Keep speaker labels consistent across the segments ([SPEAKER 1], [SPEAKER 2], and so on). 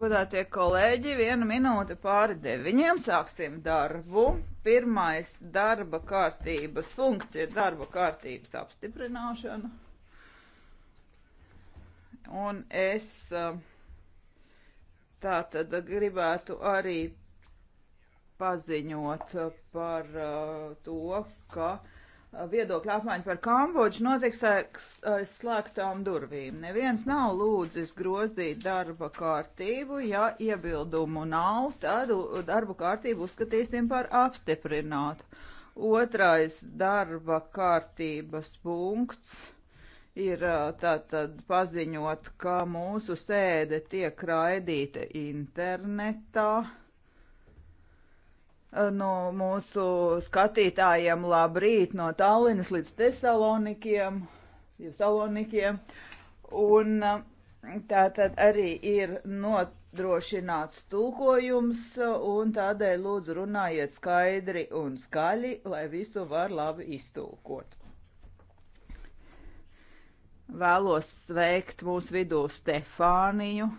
[SPEAKER 1] Godātie kolēģi, viena minūte pāri deviņiem sāksim darbu. Pirmais darba kārtības punkts ir darba kārtības apstiprināšana. Un es eh, tā tad gribētu arī paziņot eh, par eh, to, ka viedokļa apmaiņa par Kambodžu notiks aiz slēgtām durvīm. Neviens nav lūdzis grozīt darba kārtību. Ja iebildumu nav, tad darba kārtību uzskatīsim par apstiprinātu. Otrais darba kārtības punkts ir tātad paziņot, ka mūsu sēde tiek raidīta internetā Eh, no mūsu skatītājiem labrīt no Tallinas līdz Tesalonikiem, Salonikiem. Un eh, tā tad arī ir nodrošināts tulkojums, un tādēļ lūdzu runājiet skaidri un skaļi, lai visu var labi iztulkot. Vēlos sveikt mūsu vidū Stefāniju.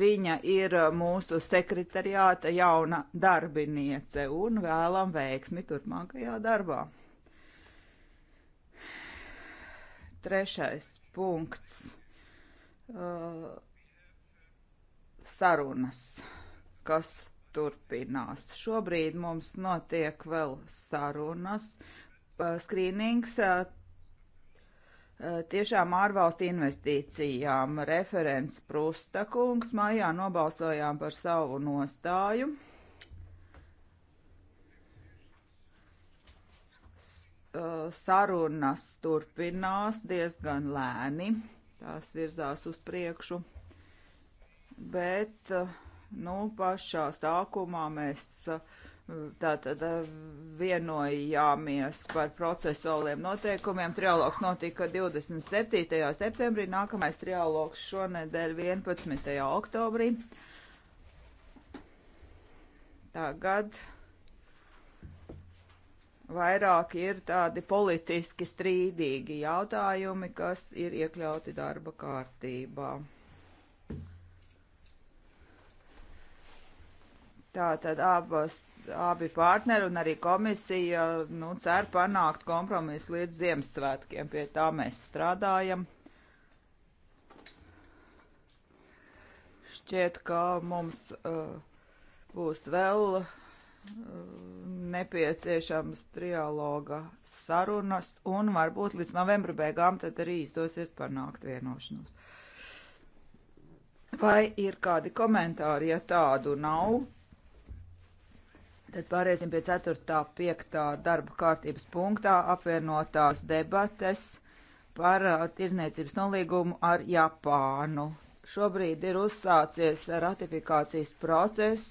[SPEAKER 1] Viņa ir uh, mūsu sekretariāta jauna darbiniece un vēlam veiksmi turpmākajā darbā. Trešais punkts uh, - sarunas, kas turpinās. Šobrīd mums notiek vēl sarunas, uh, skrīnings uh, tiešām ārvalstu investīcijām. Referents Prusta kungs maijā nobalsojām par savu nostāju. Uh, sarunas turpinās diezgan lēni, tās virzās uz priekšu, bet, uh, nu, pašā sākumā mēs uh, Tātad eh, vienojāmies par procesuāliem noteikumiem. Trialogs notika 27. septembrī, nākamais trialogs šonedēļ 11. oktobrī. Tagad vairāk ir tādi politiski strīdīgi jautājumi, kas ir iekļauti darba kārtībā. Tātad abas abi partneri un arī komisija nu, cer panākt kompromisu līdz Ziemassvētkiem. Pie tā mēs strādājam. Šķiet, ka mums uh, būs vēl uh, nepieciešams trialoga sarunas un varbūt līdz novembra beigām tad arī izdosies panākt vienošanos. Vai ir kādi komentāri, ja tādu nav? Tad pāriesim pie 4. 5. darba kārtības punktā apvienotās debates par uh, tirzniecības nolīgumu ar Japānu. Šobrīd ir uzsācies ratifikācijas process.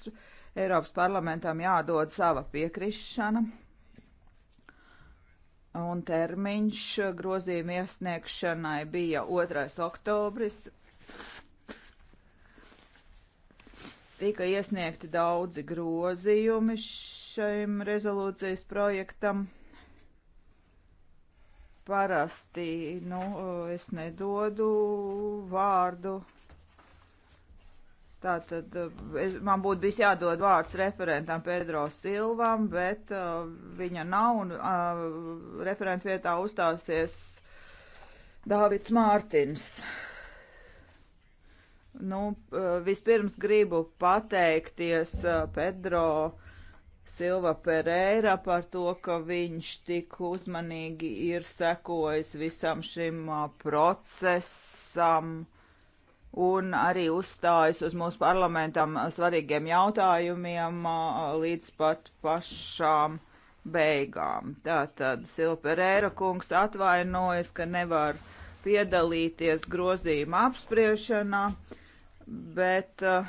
[SPEAKER 1] Eiropas parlamentam jādod sava piekrišana. Un termiņš grozījuma iesniegšanai bija 2. oktobris, Tika iesniegti daudzi grozījumi šim rezolūcijas projektam. Parasti, nu, es nedodu vārdu Tātad es, man būtu bijis jādod vārds referentam Pedro Silvam, bet uh, viņa nav un uh, referentu vietā uzstāsies Dāvids Mārtins. Nu, eh, vispirms gribu pateikties eh, Pedro Silva Pereira par to, ka viņš tik uzmanīgi ir sekojis visam šim eh, procesam un arī uzstājas uz mūsu parlamentam svarīgiem jautājumiem līdz pat pašām beigām. Tātad Silva Pereira kungs atvainojas, ka nevar piedalīties grozījuma apspriešanā bet uh,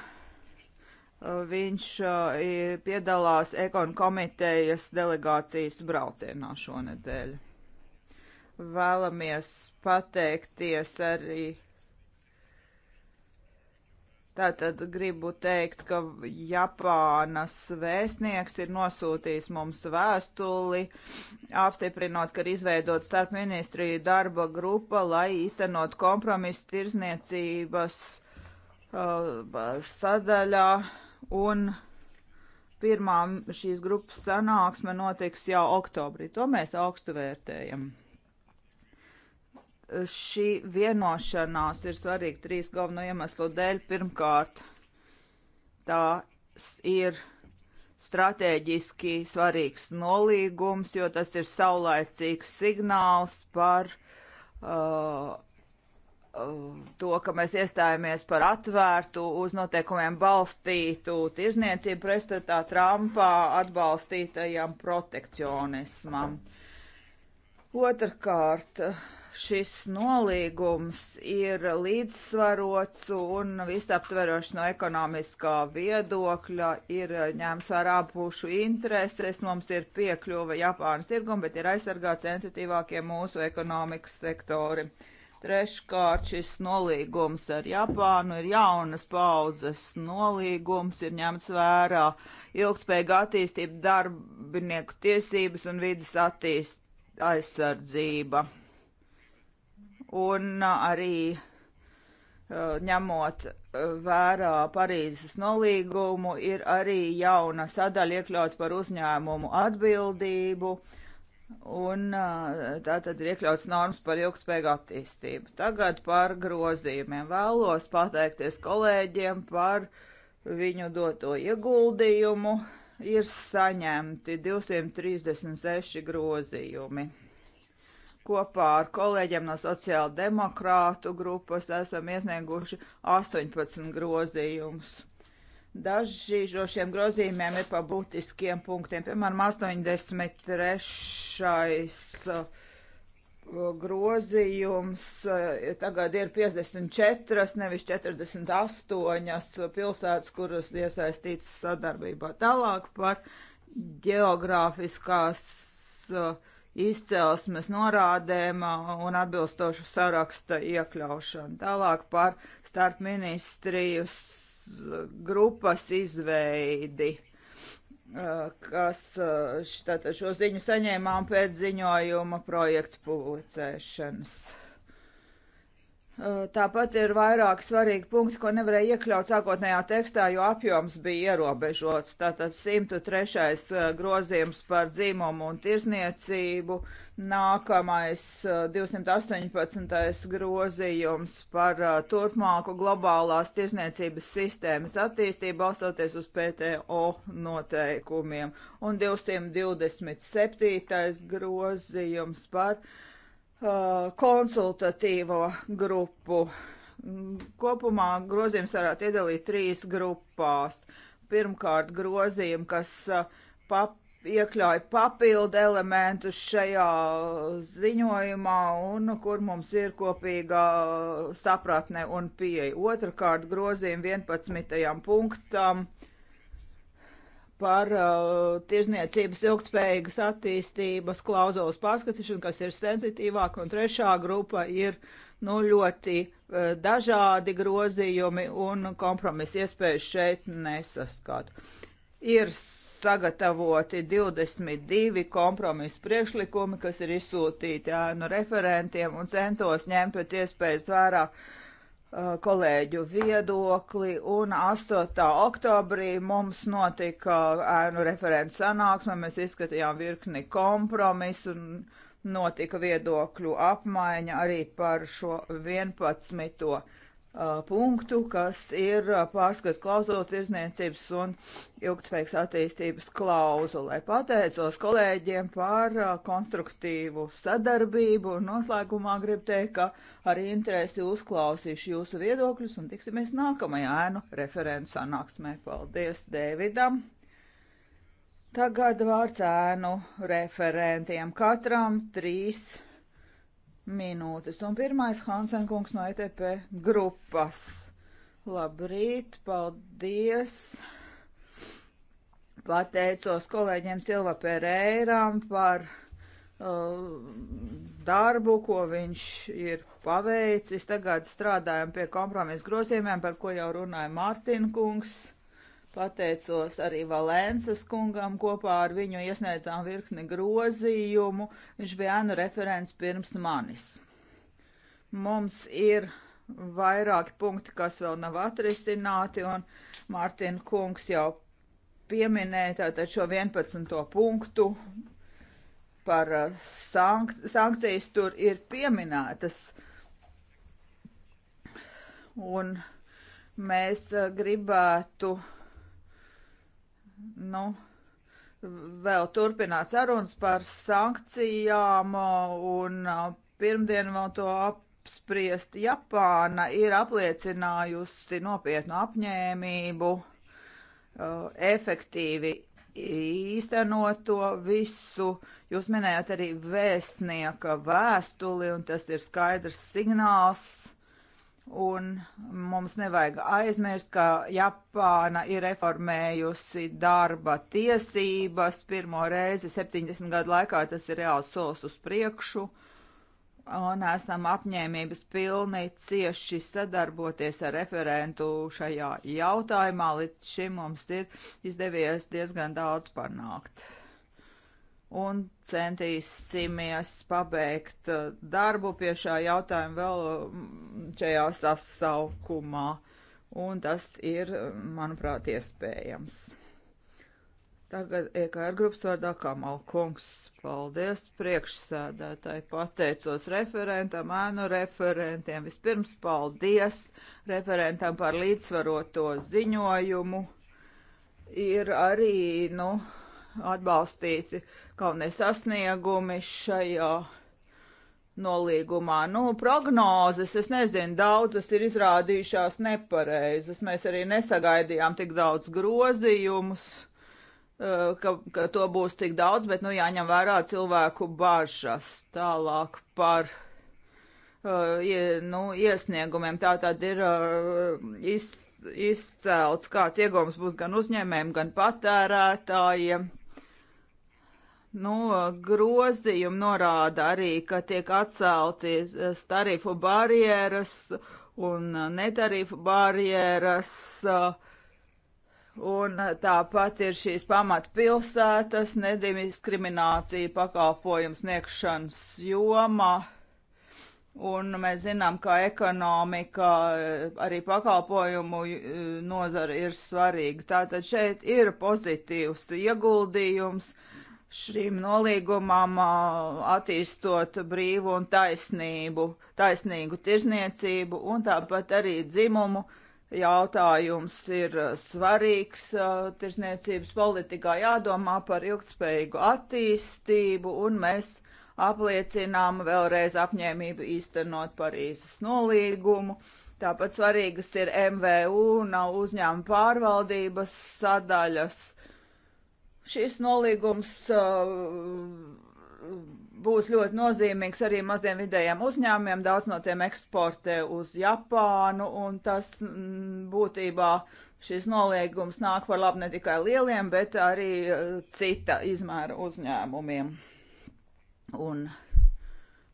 [SPEAKER 1] viņš uh, piedalās ekonu komitejas delegācijas braucienā šonedēļ. Vēlamies pateikties arī. Tātad gribu teikt, ka Japānas vēstnieks ir nosūtījis mums vēstuli, apstiprinot, ka ir izveidot starp ministriju darba grupa, lai īstenot kompromisu tirzniecības Uh, sadaļā un pirmā šīs grupas sanāksme notiks jau oktobrī. To mēs augstu vērtējam. Šī vienošanās ir svarīga trīs galveno iemeslu dēļ. Pirmkārt, tās ir stratēģiski svarīgs nolīgums, jo tas ir saulaicīgs signāls par uh, to, ka mēs iestājāmies par atvērtu, uz noteikumiem balstītu tirzniecību pretstatā Trumpā atbalstītajam protekcionismam. Otrakārt, šis nolīgums ir līdzsvarots un visaptverošs no ekonomiskā viedokļa, ir ņēmts vērā pušu intereses, mums ir piekļuva Japānas tirgum, bet ir aizsargāts sensitīvākie mūsu ekonomikas sektori. Uh, Treškārt šis nolīgums ar Japānu ir jaunas paudzes nolīgums, ir ņemts vērā ilgspējīga attīstība, darbinieku tiesības un vidas attīst, aizsardzība. Un uh, arī uh, ņemot uh, vērā Parīzes nolīgumu, ir arī jauna sadaļa iekļaut par uzņēmumu atbildību. Uh, Un tā tad ir iekļauts normas par ilgspējīgu attīstību. Tagad par grozījumiem vēlos pateikties kolēģiem par viņu doto ieguldījumu. Ir saņemti 236 grozījumi. Kopā ar kolēģiem no sociāla demokrātu grupas esam iesnieguši 18 grozījumus Daži no šiem grozījumiem ir pa būtiskiem punktiem. Piemēram, 83. Uh, grozījums uh, tagad ir 54, nevis 48 pilsētas, kuras iesaistīts sadarbībā. Tālāk par geogrāfiskās uh, izcelsmes norādēm un atbilstošu saraksta iekļaušanu. Tālāk par starpministrijas grupas izveidi kas tātad šo ziņu saņēmām pēc ziņojuma projektu publicēšanas. Tāpat ir vairāk svarīgi punkti, ko nevarēja iekļaut sākotnējā tekstā, jo apjoms bija ierobežots. Tātad 103. grozījums par dzīmumu un tirzniecību. Uh, Nākamais 218. Uh, grozījums par uh, turpmāku globālās tiesniecības sistēmas attīstību balstoties uz PTO noteikumiem un 227. grozījums par uh, konsultatīvo grupu. Kopumā grozījums varētu iedalīt trīs grupās. Pirmkārt grozījumi, kas uh, pap iekļauj papildu elementus šajā ziņojumā un nu, kur mums ir kopīga sapratne un pieeja. Otrakārt grozīm 11. punktam par uh, tirzniecības ilgspējīgas attīstības klauzulas pārskatīšanu, kas ir sensitīvāk, un trešā grupa ir nu, ļoti uh, dažādi grozījumi un kompromisa iespējas šeit nesaskatu. Ir sagatavoti 22 kompromisu priekšlikumi, kas ir izsūtīti ēnu referentiem un centos ņemt pēc iespējas vērā uh, kolēģu viedokli, un 8. oktobrī mums notika ēnu referents sanāksme, mēs izskatījām virkni kompromisu, un notika viedokļu apmaiņa arī par šo 11 punktu, kas ir pārskat klauzulu tirzniecības un ilgtspējīgas attīstības klauzulē. Pateicos kolēģiem par konstruktīvu sadarbību un noslēgumā gribu teikt, ka ar interesi uzklausīšu jūsu viedokļus un tiksimies nākamajā ēnu referentu sanāksmē. Paldies Dēvidam! Tagad vārds ēnu referentiem katram trīs minūtes. Un pirmais Hansenkungs no ETP grupas. Labrīt, paldies! Pateicos kolēģiem Silva Pereiram par uh, darbu, ko viņš ir paveicis. Tagad strādājam pie kompromisa grozījumiem, par ko jau runāja Mārtiņa kungs. Pateicos arī Valēnsas kungam, kopā ar viņu iesniedzām virkni grozījumu. Viņš bija ēnu referents pirms manis. Mums ir vairāki punkti, kas vēl nav atrisināti, un Mārtiņa kungs jau pieminēja tātad šo 11. punktu par uh, sank sankcijas tur ir pieminētas. Un mēs uh, gribētu uh, nu, vēl turpināt sarunas par sankcijām un uh, pirmdien vēl to apspriest. Japāna ir apliecinājusi nopietnu apņēmību uh, efektīvi īstenot to visu. Jūs minējāt arī vēstnieka vēstuli, un tas ir skaidrs signāls Un mums nevajag aizmirst, ka Japāna ir reformējusi darba tiesības pirmo reizi 70 gadu laikā. Tas ir reāls solis uz priekšu. Un esam apņēmības pilni cieši sadarboties ar referentu šajā jautājumā. Līdz šim mums ir izdevies diezgan daudz panākt un centīsimies pabeigt uh, darbu pie šā jautājuma vēl mm, šajā sasaukumā. Un tas ir, manuprāt, iespējams. Tagad EKR grupas vārdā Kamal Kungs. Paldies priekšsēdētāji, pateicos referentam, ēnu referentiem. Vispirms paldies referentam par līdzsvaroto ziņojumu. Ir arī, nu, uh, atbalstīti kaut nesasniegumi šajā nolīgumā. Nu, prognozes, es nezinu, daudzas ir izrādījušās nepareizas. Mēs arī nesagaidījām tik daudz grozījumus, eh, ka, ka to būs tik daudz, bet, nu, jāņem vērā cilvēku bažas tālāk par. Uh, nu, iesniegumiem tā tad ir uh, iz, izcelts, kāds iegums būs gan uzņēmējiem, gan patērētājiem. Nu, grozījumi norāda arī, ka tiek atcelti eh, tarifu barjeras un eh, netarifu barjeras. Eh, un tāpat ir šīs pamatpilsētas, nediskriminācija pakalpojums sniegšanas joma. Un mēs zinām, ka ekonomika, arī pakalpojumu nozara ir svarīga. Tātad šeit ir pozitīvs ieguldījums. Ja šīm nolīgumam attīstot brīvu un taisnību, taisnīgu tirzniecību, un tāpat arī dzimumu jautājums ir svarīgs tirzniecības politikā jādomā par ilgtspējīgu attīstību, un mēs apliecinām vēlreiz apņēmību īstenot Parīzes nolīgumu. Tāpat svarīgas ir MVU un uzņēmuma pārvaldības sadaļas Šis nolīgums uh, būs ļoti nozīmīgs arī maziem vidējiem uzņēmumiem. Daudz no tiem eksportē uz Japānu, un tas mm, būtībā šis noliegums nāk par labu ne tikai lieliem, bet arī uh, cita izmēra uzņēmumiem. Un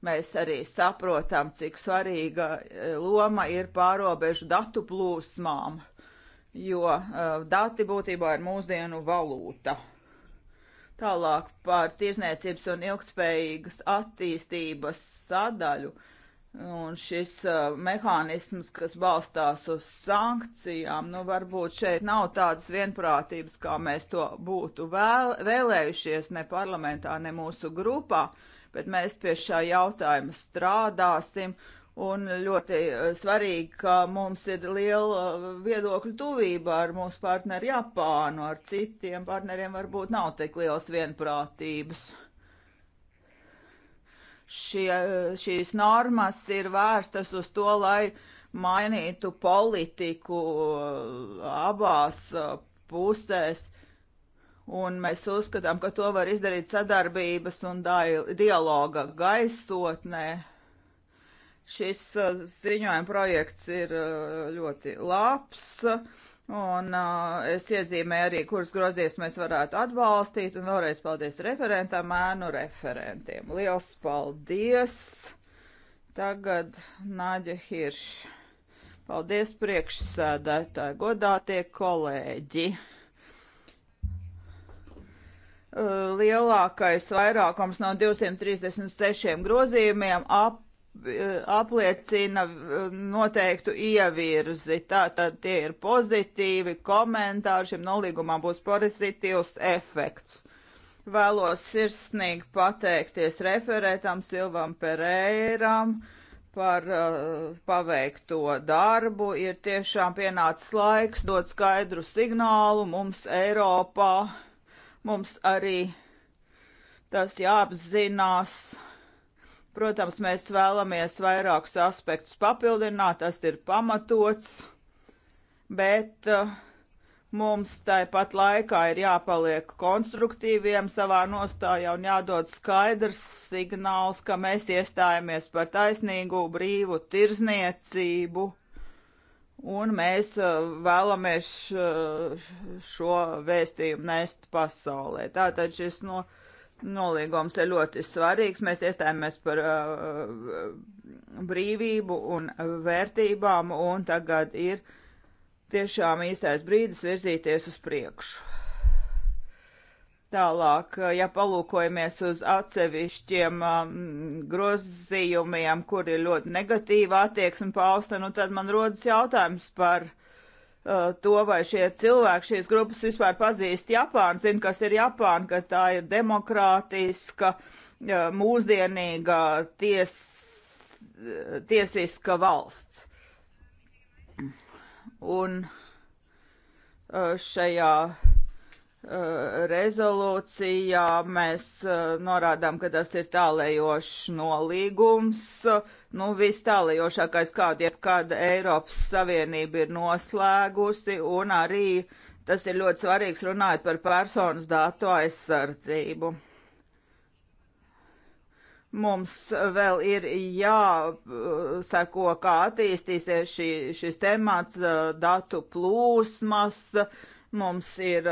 [SPEAKER 1] mēs arī saprotam, cik svarīga uh, loma ir pārobežu datu plūsmām, jo dati būtībā ir mūsdienu valūta. Tālāk par tirzniecības un ilgspējīgas attīstības sadaļu. Un šis uh, mehānisms, kas balstās uz sankcijām, nu varbūt šeit nav tādas vienprātības, kā mēs to būtu vēl, vēlējušies ne parlamentā, ne mūsu grupā, bet mēs pie šā jautājuma strādāsim. Uh, Un ļoti eh, svarīgi, ka mums ir liela eh, viedokļu tuvība ar mūsu partneri Japānu, ar citiem partneriem varbūt nav tik liels vienprātības. Šie, eh, šīs normas ir vērstas uz to, lai mainītu politiku abās pusēs, un mēs uzskatām, ka to var izdarīt sadarbības un dialoga gaisotnē. Šis uh, ziņojuma projekts ir uh, ļoti labs, un uh, es iezīmēju arī, kuras grozies mēs varētu atbalstīt, un vēlreiz paldies referentam, ēnu referentiem. Liels paldies! Tagad Nāģa Hirša. Paldies priekšsēdētāji, godātie kolēģi! Lielākais vairākums no 236 grozījumiem ap apliecina eh, noteiktu ievirzi. Tātad tie ir pozitīvi komentāri, šim nolīgumam būs pozitīvs efekts. Vēlos sirsnīgi pateikties referētam Silvam Pereiram par uh, paveikto darbu. Ir tiešām pienācis laiks dot skaidru signālu mums Eiropā. Mums arī tas jāapzinās Protams, mēs vēlamies vairākus aspektus papildināt, tas ir pamatots, bet uh, mums tāpat laikā ir jāpaliek konstruktīviem savā nostājā un jādod skaidrs signāls, ka mēs iestājamies par taisnīgu, brīvu tirzniecību. Un mēs eh, vēlamies eh, šo vēstījumu nest pasaulē. Tātad šis no. Nu, nolīgums ir ļoti svarīgs. Mēs iestājāmies par uh, brīvību un vērtībām, un tagad ir tiešām īstais brīdis virzīties uz priekšu. Tālāk, uh, ja palūkojamies uz atsevišķiem um, grozījumiem, kur ir ļoti negatīva attieksme pausta, nu tad man rodas jautājums par Uh, to, vai šie cilvēki, šīs grupas vispār pazīst Japānu, zina, kas ir Japāna, ka tā ir demokrātiska, uh, mūsdienīga, ties, uh, tiesiska valsts. Un šajā rezolūcijā mēs norādām, ka tas ir tālējošs nolīgums nu, vistālajošākais, kādu jebkad Eiropas Savienība ir noslēgusi, un arī tas ir ļoti svarīgs runājot par personas datu aizsardzību. Mums vēl ir jāseko, kā attīstīsies šī, šis temats, datu plūsmas, mums ir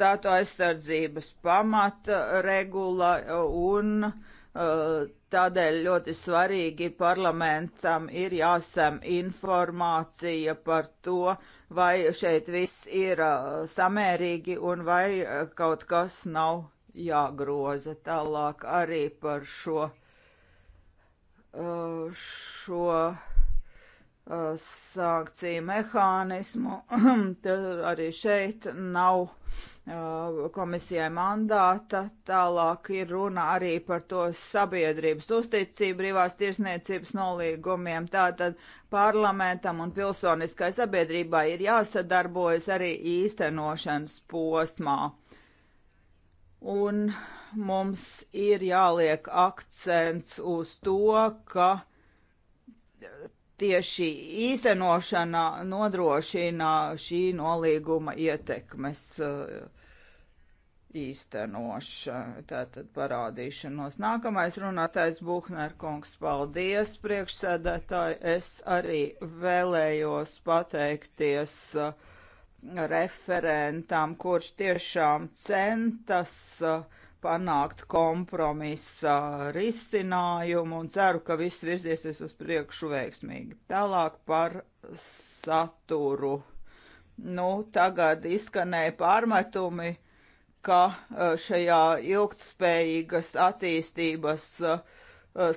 [SPEAKER 1] datu aizsardzības pamata regula un uh, Tādēļ ļoti svarīgi parlamentam ir jāsam informācija par to, vai šeit viss ir uh, samērīgi un vai uh, kaut kas nav jāgroza. Tālāk arī par šo, uh, šo sankciju mehānismu. Tad arī šeit nav Uh, komisijai mandāta. Tālāk ir runa arī par to sabiedrības uzticību brīvās tirsniecības nolīgumiem. Tātad parlamentam un pilsoniskai sabiedrībai ir jāsadarbojas arī īstenošanas posmā. Un mums ir jāliek akcents uz to, ka tieši īstenošana nodrošina šī nolīguma ietekmes uh, īstenošana, tātad parādīšanos. Nākamais runātais Buhner kungs, paldies priekšsēdētāji. Es arī vēlējos pateikties uh, referentam, kurš tiešām centas uh, panākt kompromisa risinājumu un ceru, ka viss virzīsies uz priekšu veiksmīgi. Tālāk par saturu. Nu, tagad izskanēja pārmetumi ka eh, šajā ilgtspējīgas attīstības eh,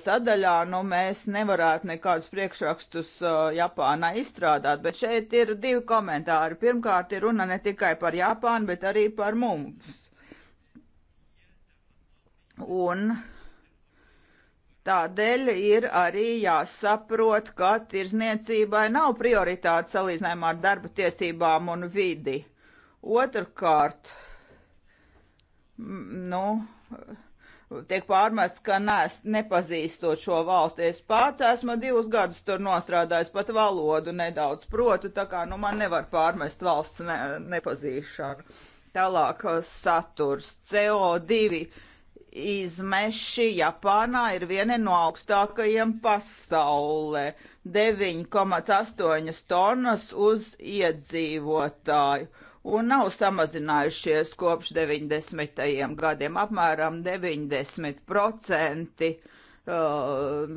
[SPEAKER 1] sadaļā nu, mēs nevarētu nekādus priekšrakstus eh, Japānā izstrādāt, bet šeit ir divi komentāri. Pirmkārt, ir runa ne tikai par Japānu, bet arī par mums. Un Tādēļ ir arī jāsaprot, ka tirzniecībai nav prioritāte salīdzinājumā ar darba tiesībām un vidi. Otrkārt, uh, nu, tiek pārmests, ka nes, nepazīstot šo valsti. Es pats esmu divus gadus tur nostrādājis, pat valodu nedaudz protu, tā kā nu, man nevar pārmest valsts ne, nepazīšanu. Tālāk uh, saturs CO2 izmeši Japānā ir viena no augstākajiem pasaulē - 9,8 tonnas uz iedzīvotāju un nav samazinājušies kopš 90. gadiem. Apmēram 90% uh,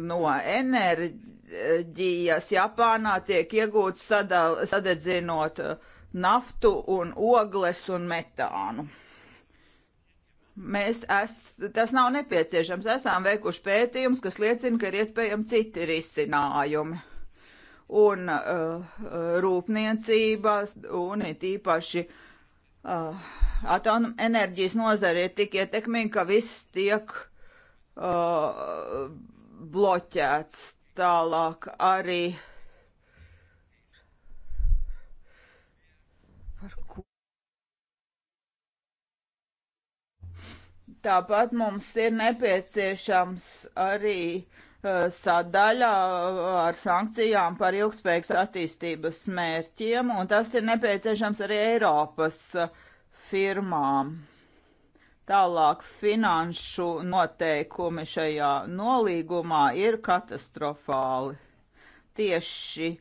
[SPEAKER 1] no enerģijas Japānā tiek iegūts sadal, sadedzinot uh, naftu un ogles un metānu. Mēs es, tas nav nepieciešams. Esam veikuši pētījums, kas liecina, ka ir iespējami citi risinājumi un uh, rūpniecības, un it īpaši uh, atomenerģijas nozare ir tik ietekmīga, ka viss tiek uh, bloķēts tālāk arī. Tāpat mums ir nepieciešams arī uh, Uh, sadaļa uh, ar sankcijām par ilgspējīgas attīstības mērķiem, un tas ir nepieciešams arī Eiropas uh, firmām. Tālāk finanšu noteikumi šajā nolīgumā ir katastrofāli. Tieši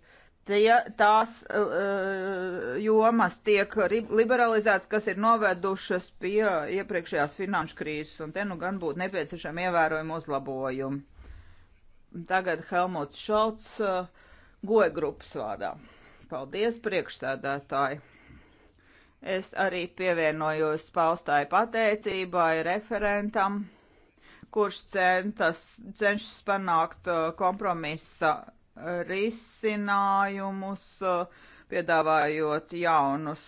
[SPEAKER 1] tie, tās uh, jomas tiek liberalizētas, kas ir novedušas pie iepriekšējās finanšu krīzes, un te nu gan būtu nepieciešami ievērojami uzlabojumi. Tagad Helmuts Šalts eh, goja grupas vārdā. Paldies, priekšsēdētāji! Es arī pievienojos paustāju pateicībai referentam, kurš centas, cenšas panākt eh, kompromisa eh, risinājumus, piedāvājot jaunus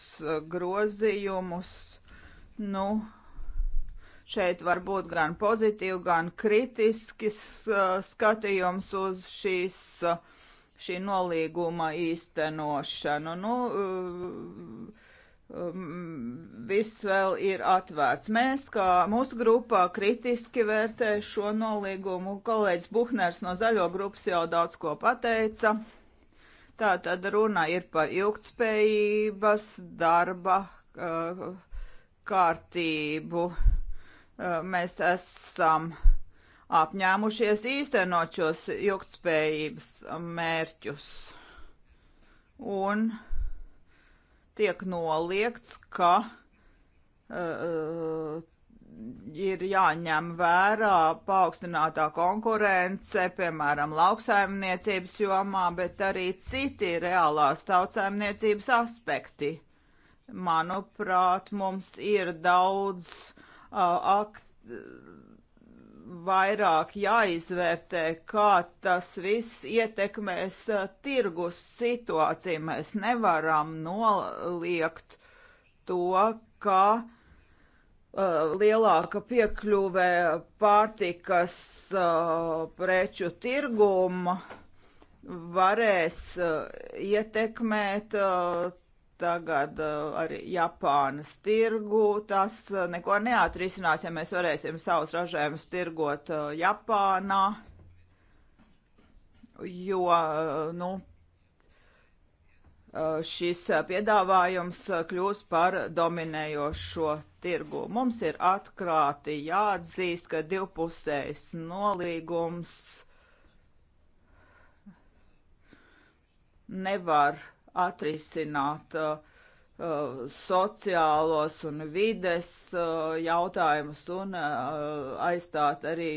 [SPEAKER 1] grozījumus. Nu, Šeit var būt gan pozitīvi, gan kritisks skatījums uz šīs, šī nolīguma īstenošanu. Nu, um, viss vēl ir atvērts. Mēs, kā mūsu grupā, kritiski vērtē šo nolīgumu. Kolēģis Buhners no zaļo grupas jau daudz ko pateica. Tā tad runa ir par ilgtspējības darba kārtību. Eh, mēs esam apņēmušies īstenot šos ilgtspējības mērķus. Un tiek noliegts, ka uh, ir jāņem vērā paaugstinātā konkurence, piemēram, lauksaimniecības jomā, bet arī citi reālās tautsaimniecības aspekti. Manuprāt, mums ir daudz uh, ak, vairāk jāizvērtē, kā tas viss ietekmēs tirgus situāciju. Mēs nevaram noliegt to, ka uh, lielāka piekļuve pārtikas uh, preču tirguma varēs uh, ietekmēt uh, tagad eh, arī Japānas tirgu. Tas eh, neko neatrisinās, ja mēs varēsim savus ražējumus tirgot eh, Japānā, jo, nu, šis piedāvājums kļūs par dominējošo tirgu. Mums ir atklāti jāatzīst, ka divpusējs nolīgums nevar atrisināt uh, uh, sociālos un vides uh, jautājumus un uh, aizstāt arī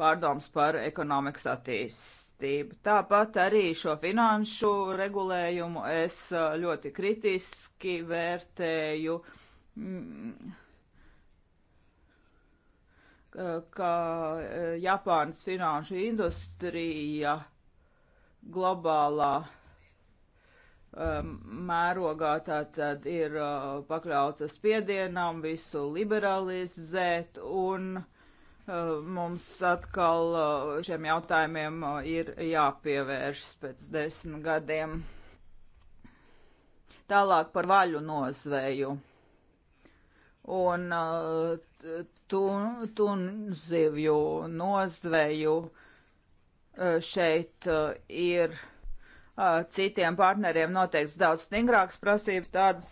[SPEAKER 1] pārdoms par ekonomikas attīstību. Tāpat arī šo finanšu regulējumu es uh, ļoti kritiski vērtēju. Mm uh, ka Japānas finanšu industrija globālā Um, mērogā tātad ir uh, pakļauta spiedienam visu liberalizēt un uh, mums atkal uh, šiem jautājumiem ir jāpievēršas pēc desmit gadiem. Tālāk par vaļu nozveju. Un tun, tunzivju nozveju šeit ir citiem partneriem noteikts daudz stingrākas prasības, tādas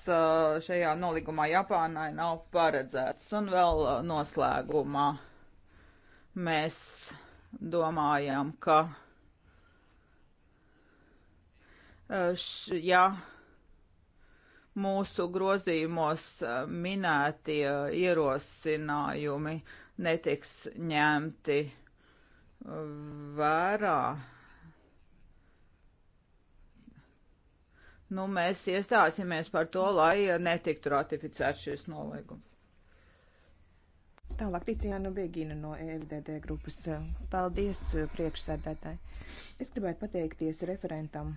[SPEAKER 1] šajā nolīgumā Japānai nav paredzētas. Un vēl noslēgumā mēs domājam, ka š, ja mūsu grozījumos minētie ierosinājumi netiks ņemti vērā, nu, mēs iestāsimies par to, lai netiktu ratificēts šis nolīgums.
[SPEAKER 2] Tālāk Ticijāna Bēgina no EFDD grupas. Paldies priekšsēdētāji. Es gribētu pateikties referentam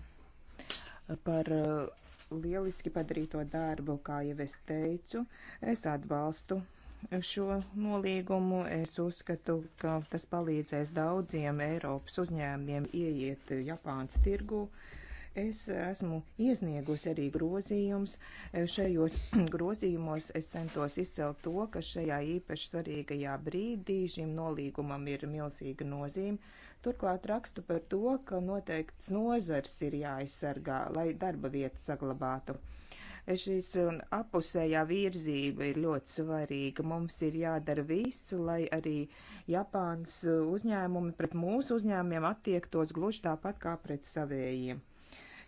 [SPEAKER 2] par uh, lieliski padarīto darbu, kā jau es teicu. Es atbalstu šo nolīgumu. Es uzskatu, ka tas palīdzēs daudziem Eiropas uzņēmiem ieiet Japānas tirgu. Uh, Es esmu iesniegusi arī grozījumus. Šajos grozījumos es centos izcelt to, ka šajā īpaši svarīgajā brīdī šim nolīgumam ir milzīga nozīme. Turklāt rakstu par to, ka noteikts nozars ir jāaizsargā, lai darba vietas saglabātu. Šis apusējā virzība ir ļoti svarīga. Mums ir jādara viss, lai arī Japāns uzņēmumi pret mūsu uzņēmumiem attiektos gluži tāpat kā pret savējiem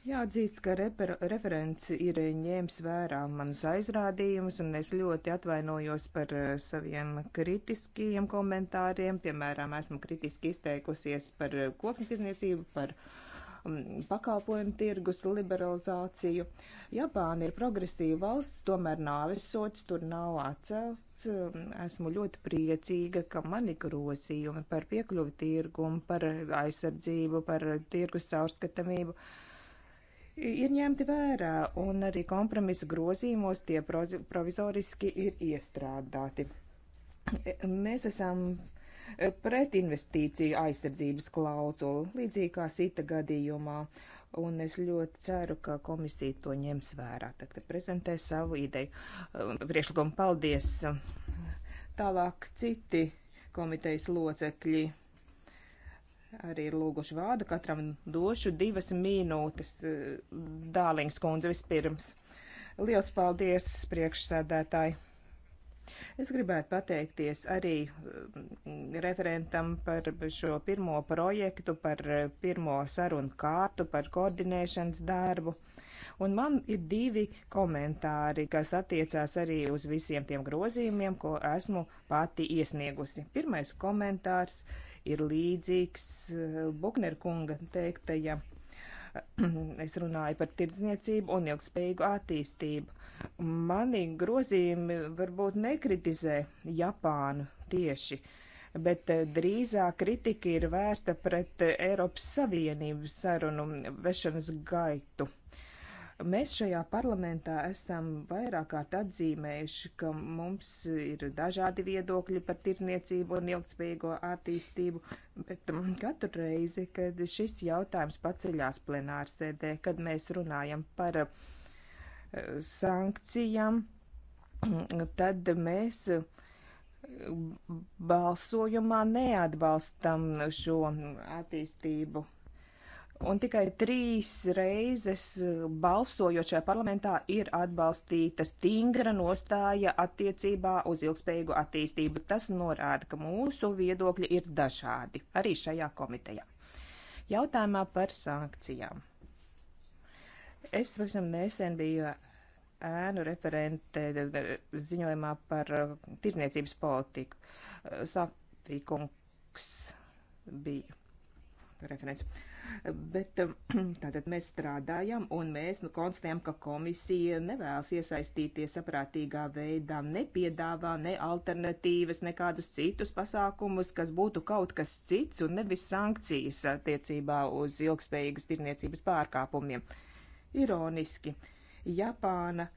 [SPEAKER 2] Jāatzīst, ka reper, referents ir ņēmis vērā manus aizrādījumus, un es ļoti atvainojos par eh, saviem kritiskajiem komentāriem. Piemēram, esmu kritiski izteikusies par eh, koksnes izniecību, par mm, pakalpojumu tirgus liberalizāciju. Japāna ir progresīva valsts, tomēr nāves sots tur nav atcelts. Esmu ļoti priecīga, ka mani grozījumi par piekļuvi tirgumu, par eh, aizsardzību, par tirgus caurskatamību. Uh, ir ņemti vērā, un arī kompromisa grozījumos tie provizoriski ir iestrādāti. Mēs esam pret investīciju aizsardzības klauzulu, līdzīgi kā sita gadījumā, un es ļoti ceru, ka komisija to ņems vērā, tad, kad prezentē savu ideju. Um, priekšlikumu paldies! Tālāk citi komitejas locekļi arī ir lūguši vārdu. Katram došu divas minūtes eh, dālings kundze vispirms. Liels paldies, priekšsēdētāji! Es gribētu pateikties arī eh, referentam par šo pirmo projektu, par eh, pirmo sarunu kārtu, par koordinēšanas darbu. Un man ir divi komentāri, kas attiecās arī uz visiem tiem grozījumiem, ko esmu pati iesniegusi. Pirmais komentārs. Uh, ir līdzīgs eh, Buknerkunga teiktajam. Es runāju par tirdzniecību un ilgspējīgu attīstību. Mani grozījumi varbūt nekritizē Japānu tieši, bet eh, drīzāk kritika ir vērsta pret Eiropas Savienības sarunu vešanas gaitu Mēs šajā parlamentā esam vairāk kārt atzīmējuši, ka mums ir dažādi viedokļi par tirzniecību un ilgspējīgo attīstību, bet katru reizi, kad šis jautājums paceļās plenārsēdē, kad mēs runājam par eh, sankcijām, tad mēs eh, balsojumā neatbalstam šo attīstību un tikai trīs reizes eh, balsojot šajā parlamentā ir atbalstīta stingra nostāja attiecībā uz ilgspējīgu attīstību. Tas norāda, ka mūsu viedokļi ir dažādi arī šajā komitejā. Jautājumā par sankcijām. Es pavisam nesen biju ēnu referente eh, ziņojumā par eh, tirniecības politiku. Sāpīkungs bija referents. Uh, Bet um, tātad mēs strādājam un mēs nu, konstatējam, ka komisija nevēlas iesaistīties saprātīgā veidā, nepiedāvā ne alternatīvas, nekādus citus pasākumus, kas būtu kaut kas cits un nevis sankcijas attiecībā uz ilgspējīgas tirniecības pārkāpumiem. Ironiski, Japāna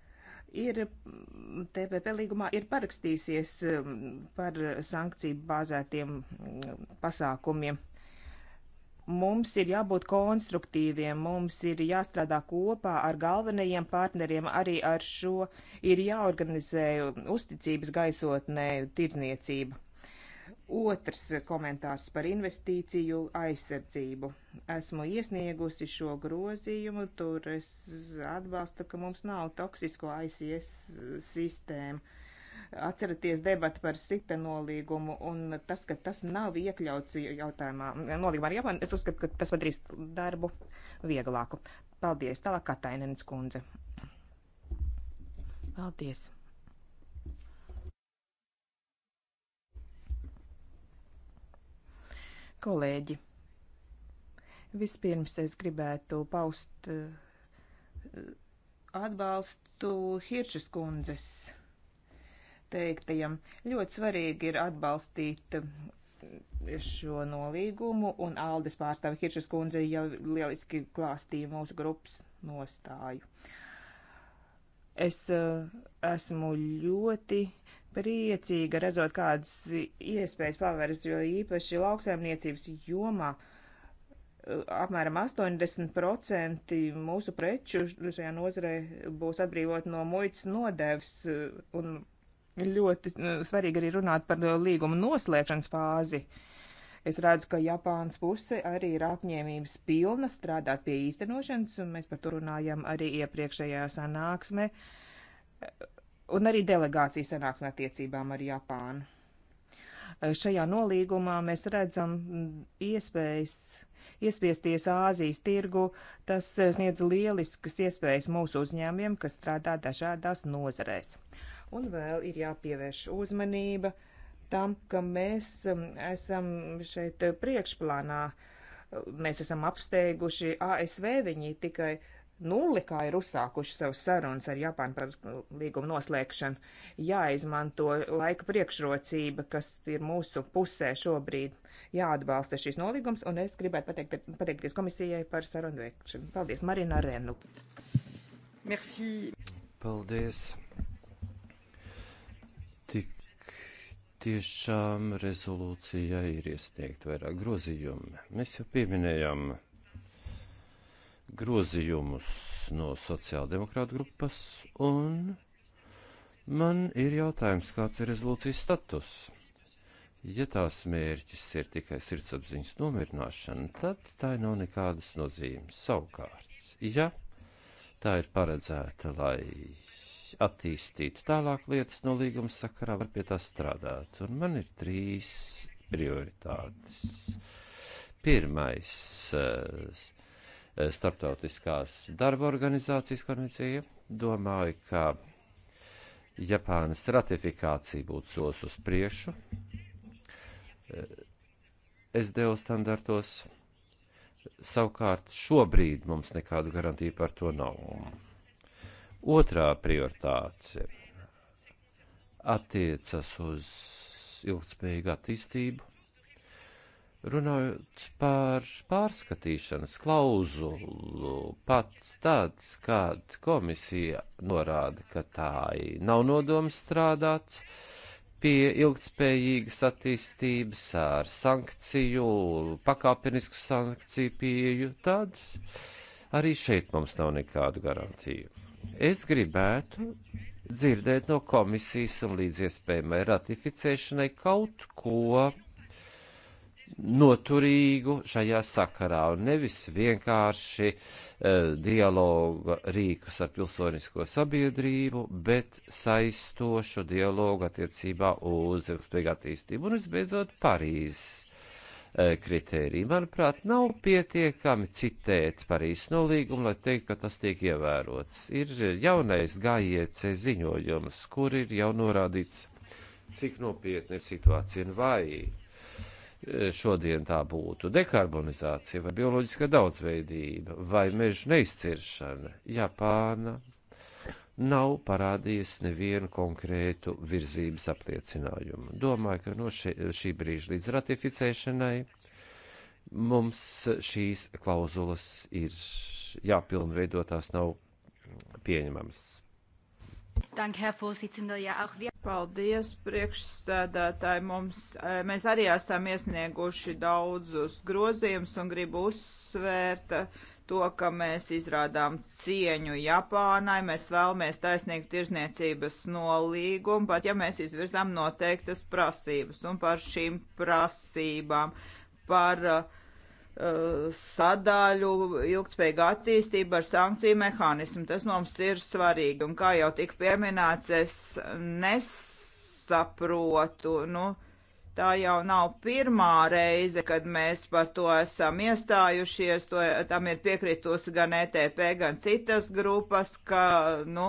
[SPEAKER 2] ir mm, TPP līgumā ir parakstījusies mm, par sankciju bāzētiem mm, pasākumiem. Mums ir jābūt konstruktīviem, mums ir jāstrādā kopā ar galvenajiem partneriem, arī ar šo ir jāorganizē uzticības gaisotnē tirdzniecība. Otrs komentārs par investīciju aizsardzību. Esmu iesniegusi šo grozījumu, tur es atbalstu, ka mums nav toksisko ICS sistēmu Atceraties debatu par sita nolīgumu un tas, ka tas nav iekļauts jautājumā nolīgumā ar Japānu, es uzskatu, ka tas padarīs darbu vieglāku. Paldies. Tālāk Katainenes kundze. Paldies. Kolēģi, vispirms es gribētu paust eh, atbalstu Hiršas kundzes teiktajam. Ļoti svarīgi ir atbalstīt eh, šo nolīgumu, un Aldis pārstāvi Hiršas kundze jau lieliski klāstīja mūsu grupas nostāju. Es eh, esmu ļoti priecīga redzot, kādas iespējas paveras, jo īpaši lauksaimniecības jomā eh, apmēram 80% mūsu preču šajā nozarē būs atbrīvot no muitas nodevs, un ļoti nu, svarīgi arī runāt par uh, līguma noslēgšanas fāzi. Es redzu, ka Japānas puse arī ir apņēmības pilna strādāt pie īstenošanas, un mēs par to runājam arī iepriekšējā sanāksmē, uh, un arī delegācijas sanāksmē attiecībām ar Japānu. Uh, šajā nolīgumā mēs redzam mm, iespējas iespiesties Āzijas tirgu, tas sniedz lieliskas iespējas mūsu uzņēmiem, kas strādā dažādās nozarēs. Un vēl ir jāpievērš uzmanība tam, ka mēs um, esam šeit uh, priekšplānā. Mēs esam apsteiguši ASV, viņi tikai nulli, kā ir uzsākuši savas sarunas ar Japānu par uh, līgumu noslēgšanu, jāizmanto laika priekšrocība, kas ir mūsu pusē šobrīd, jāatbalsta šīs nolīgums, un es gribētu pateikt, pateikties komisijai par sarunu veikšanu. Paldies, Marina Renu. Merci.
[SPEAKER 3] Paldies. tiešām rezolūcijai ir iesniegt vairāk grozījumi. Mēs jau pieminējām grozījumus no sociāldemokrāta grupas, un man ir jautājums, kāds ir rezolūcijas status. Ja tās mērķis ir tikai sirdsapziņas nomierināšana, tad tā nav nekādas nozīmes. Savukārt, ja tā ir paredzēta, lai attīstītu tālāk lietas no līguma sakarā, var pie tā strādāt. Un man ir trīs prioritātes. Pirmais eh, - eh, starptautiskās darba organizācijas konvencija. Domāju, ka Japānas ratifikācija būtu solis uz priekšu. Eh, SDO standartos. Savukārt šobrīd mums nekādu garantiju par to nav. Otrā prioritāte attiecas uz ilgspējīgu attīstību, runājot par pārskatīšanas klauzulu, pats tāds, kad komisija norāda, ka tā nav nodoma strādāt pie ilgtspējīgas attīstības ar sankciju, pakāpenisku sankciju pieju, tad arī šeit mums nav nekādu garantiju. Es gribētu dzirdēt no komisijas un līdz iespējamai ratificēšanai kaut ko noturīgu šajā sakarā un nevis vienkārši e, dialoga rīkus ar pilsonisko sabiedrību, bet saistošu dialogu attiecībā uz ilgspējīgu attīstību un visbeidzot Parīzes E, kritēriji. Manuprāt, nav pietiekami citēt Parīzes nolīgumu, lai teikt, ka tas tiek ievērots. Ir jaunais gājiecē ziņojums, kur ir jau norādīts, cik nopietna ir situācija un vai e, šodien tā būtu dekarbonizācija vai bioloģiska daudzveidība vai meža neizciršana Japāna, nav parādījis nevienu konkrētu virzības apliecinājumu. Domāju, ka no še, šī brīža līdz ratificēšanai mums šīs klauzulas ir jāpilnveido, tās nav pieņemamas.
[SPEAKER 1] Paldies, priekšsēdētāji. Mums, eh, mēs arī esam iesnieguši daudzus grozījumus un gribu uzsvērt. Uh, to, ka mēs izrādām cieņu Japānai, mēs vēlamies taisnīgu tirzniecības nolīgumu, pat ja mēs izvirzām noteiktas prasības un par šīm prasībām, par uh, uh sadaļu ilgspējīgu attīstību ar sankciju mehānismu. Tas mums ir svarīgi, un kā jau tika pieminēts, es nesaprotu, nu, uh, Tā jau nav pirmā reize, kad mēs par to esam iestājušies, to, tam ir piekritusi gan ETP, gan citas grupas, ka, nu,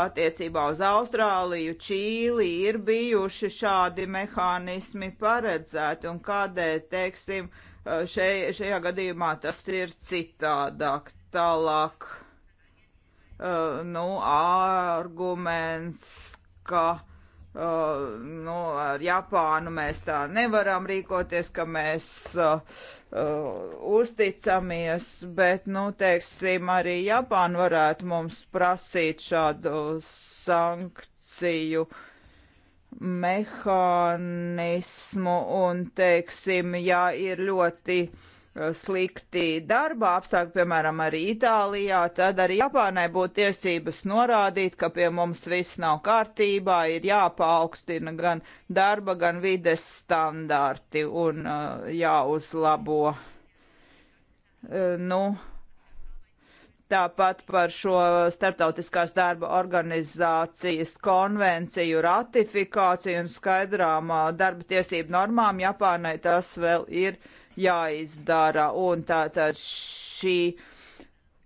[SPEAKER 1] attiecībā uz Austrāliju, Čīli ir bijuši šādi mehānismi paredzēti un kādēļ, teiksim, šai, šajā gadījumā tas ir citādāk. Tālāk, uh, nu, arguments, ka Uh, nu, ar Japānu mēs tā nevaram rīkoties, ka mēs uh, uh, uzticamies, bet, nu, teiksim, arī Japāna varētu mums prasīt šādu sankciju mehānismu un, teiksim, ja ir ļoti uh, Eh, slikti darba apstākļi, piemēram, arī Itālijā, tad arī Japānai būtu tiesības norādīt, ka pie mums viss nav kārtībā, ir jāpaukstina gan darba, gan vides standarti un uh, jāuzlabo. Uh, nu, Tāpat par šo starptautiskās darba organizācijas konvenciju ratifikāciju un skaidrām darba tiesību normām Japānai tas vēl ir uh, jāizdara. Un tātad šī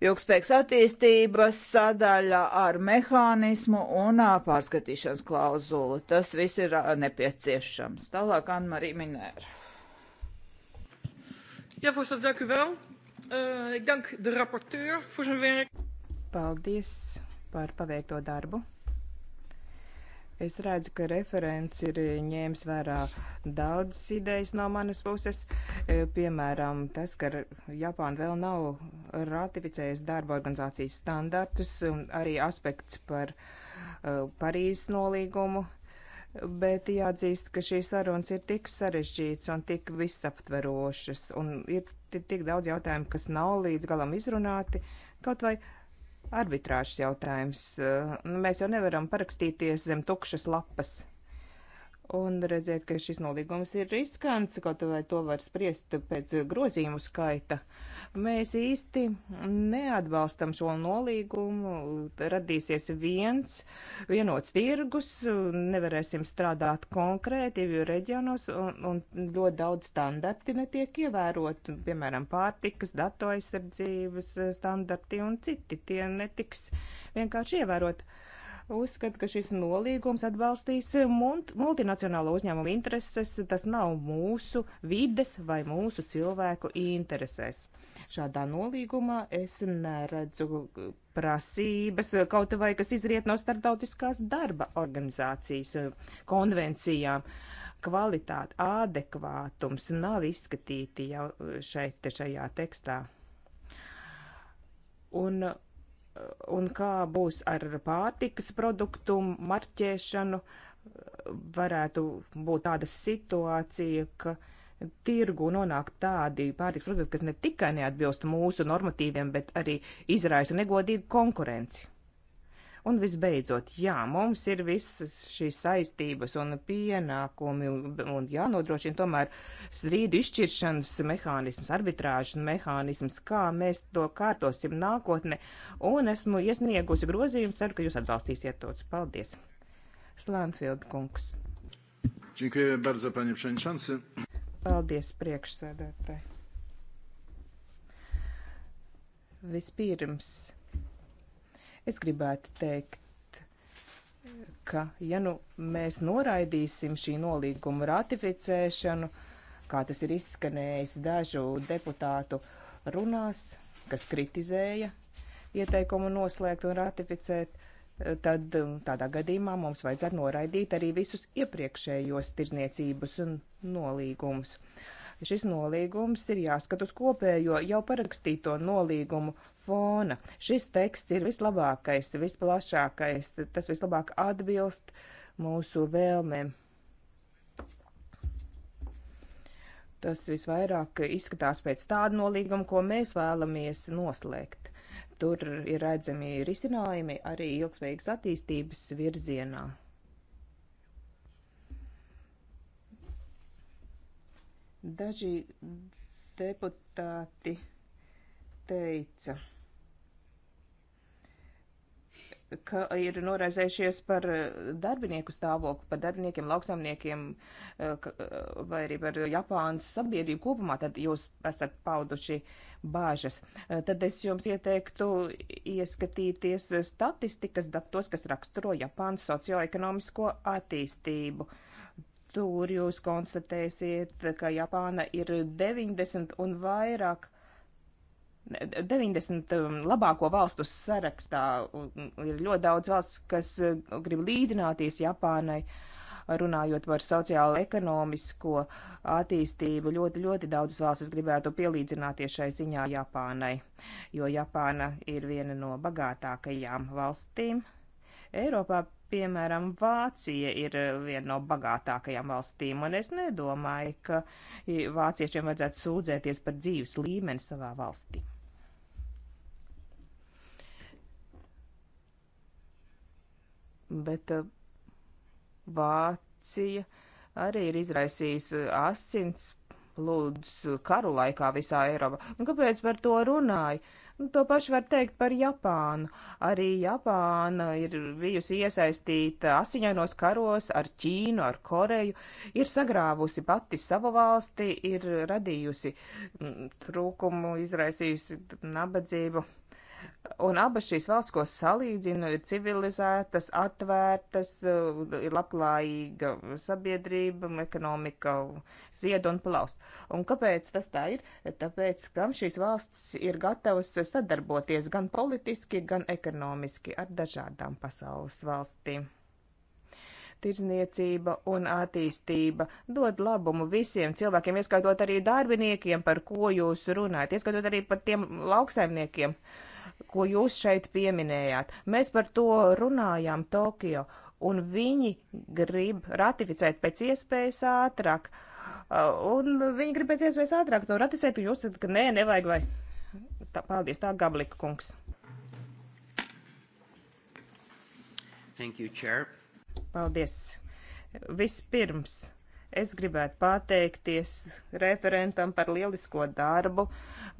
[SPEAKER 1] ilgspējīgas attīstības sadaļa ar mehānismu un pārskatīšanas klauzulu. Tas viss ir nepieciešams. Tālāk Anna-Marija Minēra. Ja, voorzitter, dank u wel. Uh, ik dank de rapporteur voor zijn werk.
[SPEAKER 2] Paldies par paveikto darbu. Es redzu, ka referents ir eh, ņēmis vērā daudzas idejas no manas puses. Eh, piemēram, tas, ka Japāna vēl nav ratificējusi darba organizācijas standartus, arī aspekts par uh, Parīzes nolīgumu. Bet jāatzīst, ka šīs sarunas ir tik sarežģītas un tik visaptverošas, un ir tik daudz jautājumu, kas nav līdz galam izrunāti, kaut vai uh, arbitrāžs jautājums. Eh, nu, mēs jau nevaram parakstīties zem tukšas lapas. Un redzēt, ka šis nolīgums ir riskants, kaut vai to var spriest pēc grozījumu skaita. Mēs īsti neatbalstam šo nolīgumu, radīsies viens, vienots tirgus, nevarēsim strādāt konkrēti reģionos, un, un ļoti daudz standarti netiek ievērot, piemēram, pārtikas, datoaizsardzības standarti un citi, tie netiks vienkārši ievērot. Uh, uzskata, ka šis nolīgums atbalstīs multinacionālo uzņēmumu intereses, tas nav mūsu vides vai mūsu cilvēku interesēs. Šādā nolīgumā es neredzu prasības, kaut vai kas izriet no starptautiskās darba organizācijas konvencijām. Kvalitāte, adekvātums nav izskatīti jau šeit, šajā tekstā. Un un kā būs ar pārtikas produktu marķēšanu. Varētu būt tāda situācija, ka tirgu nonāk tādi pārtikas produkti, kas ne tikai neatbilst mūsu normatīviem, bet arī izraisa negodīgu konkurenci. Un visbeidzot, jā, mums ir visas šīs saistības un pienākumi un, un jānodrošina tomēr strīdu izšķiršanas mehānisms, arbitrāžas mehānisms, kā mēs to kārtosim nākotne. Un esmu iesniegusi grozījumu, ceru, ka jūs atbalstīsiet tos. Paldies! Slānfield kungs.
[SPEAKER 1] Dziękuję bardzo, panie przewodniczący.
[SPEAKER 2] Paldies, priekšsēdētāji. Vispirms Es gribētu teikt, ka ja nu mēs noraidīsim šī nolīguma ratificēšanu, kā tas ir izskanējis dažu deputātu runās, kas kritizēja ieteikumu noslēgt un ratificēt, tad um, tādā gadījumā mums vajadzētu noraidīt arī visus iepriekšējos tirzniecības un nolīgumus. Uh, šis nolīgums ir jāskat uz kopējo jau parakstīto nolīgumu fona. Šis teksts ir vislabākais, visplašākais, tas vislabāk atbilst mūsu vēlmēm. Tas visvairāk izskatās pēc tāda nolīguma, ko mēs vēlamies noslēgt. Tur ir redzami risinājumi arī ilgspējīgas attīstības virzienā. Daži deputāti teica, ka ir noraizējušies par darbinieku stāvokli, par darbiniekiem, lauksamniekiem eh, eh, vai arī par Japānas sabiedrību kopumā, tad jūs esat pauduši bāžas. Eh, tad es jums ieteiktu ieskatīties statistikas datos, kas raksturo Japānas socioekonomisko attīstību Tur jūs konstatēsiet, ka Japāna ir 90 un vairāk 90 um, labāko valstu sarakstā. Ir ļoti daudz valsts, kas uh, grib līdzināties Japānai, runājot par sociālo ekonomisko attīstību. Ļoti, ļoti daudzas valstis gribētu pielīdzināties šai ziņā Japānai, jo Japāna ir viena no bagātākajām valstīm. Eiropā Piemēram, Vācija ir eh, viena no bagātākajām valstīm, un es nedomāju, ka vāciešiem vajadzētu sūdzēties par dzīves līmeni savā valstī. Bet eh, Vācija arī ir izraisījis eh, asins plūdus karu laikā visā Eiropā. Un kāpēc par to runāju? Nu, to pašu var teikt par Japānu. Arī Japāna ir bijusi iesaistīta asiņainos karos ar Ķīnu, ar Koreju, ir sagrāvusi pati savu valsti, ir radījusi mm, trūkumu, izraisījusi nabadzību. Un abas šīs valsts, ko salīdzinu, ir civilizētas, atvērtas, uh, ir labklājīga sabiedrība, ekonomika zied un plaust. Un kāpēc tas tā ir? Tāpēc, ka šīs valsts ir gatavas sadarboties gan politiski, gan ekonomiski ar dažādām pasaules valstīm tirdzniecība un attīstība dod labumu visiem cilvēkiem, ieskaitot arī darbiniekiem, par ko jūs runājat, ieskaitot arī par tiem lauksaimniekiem. Uh, ko jūs šeit pieminējāt. Mēs par to runājām Tokio, un viņi grib ratificēt pēc iespējas ātrāk. Uh, un viņi grib pēc iespējas ātrāk to ratificēt, un jūs esat, ka nē, nevajag vai. Tā, paldies, tā Gablika kungs. Thank you, Chair. Paldies. Vispirms Es gribētu pateikties referentam par lielisko darbu,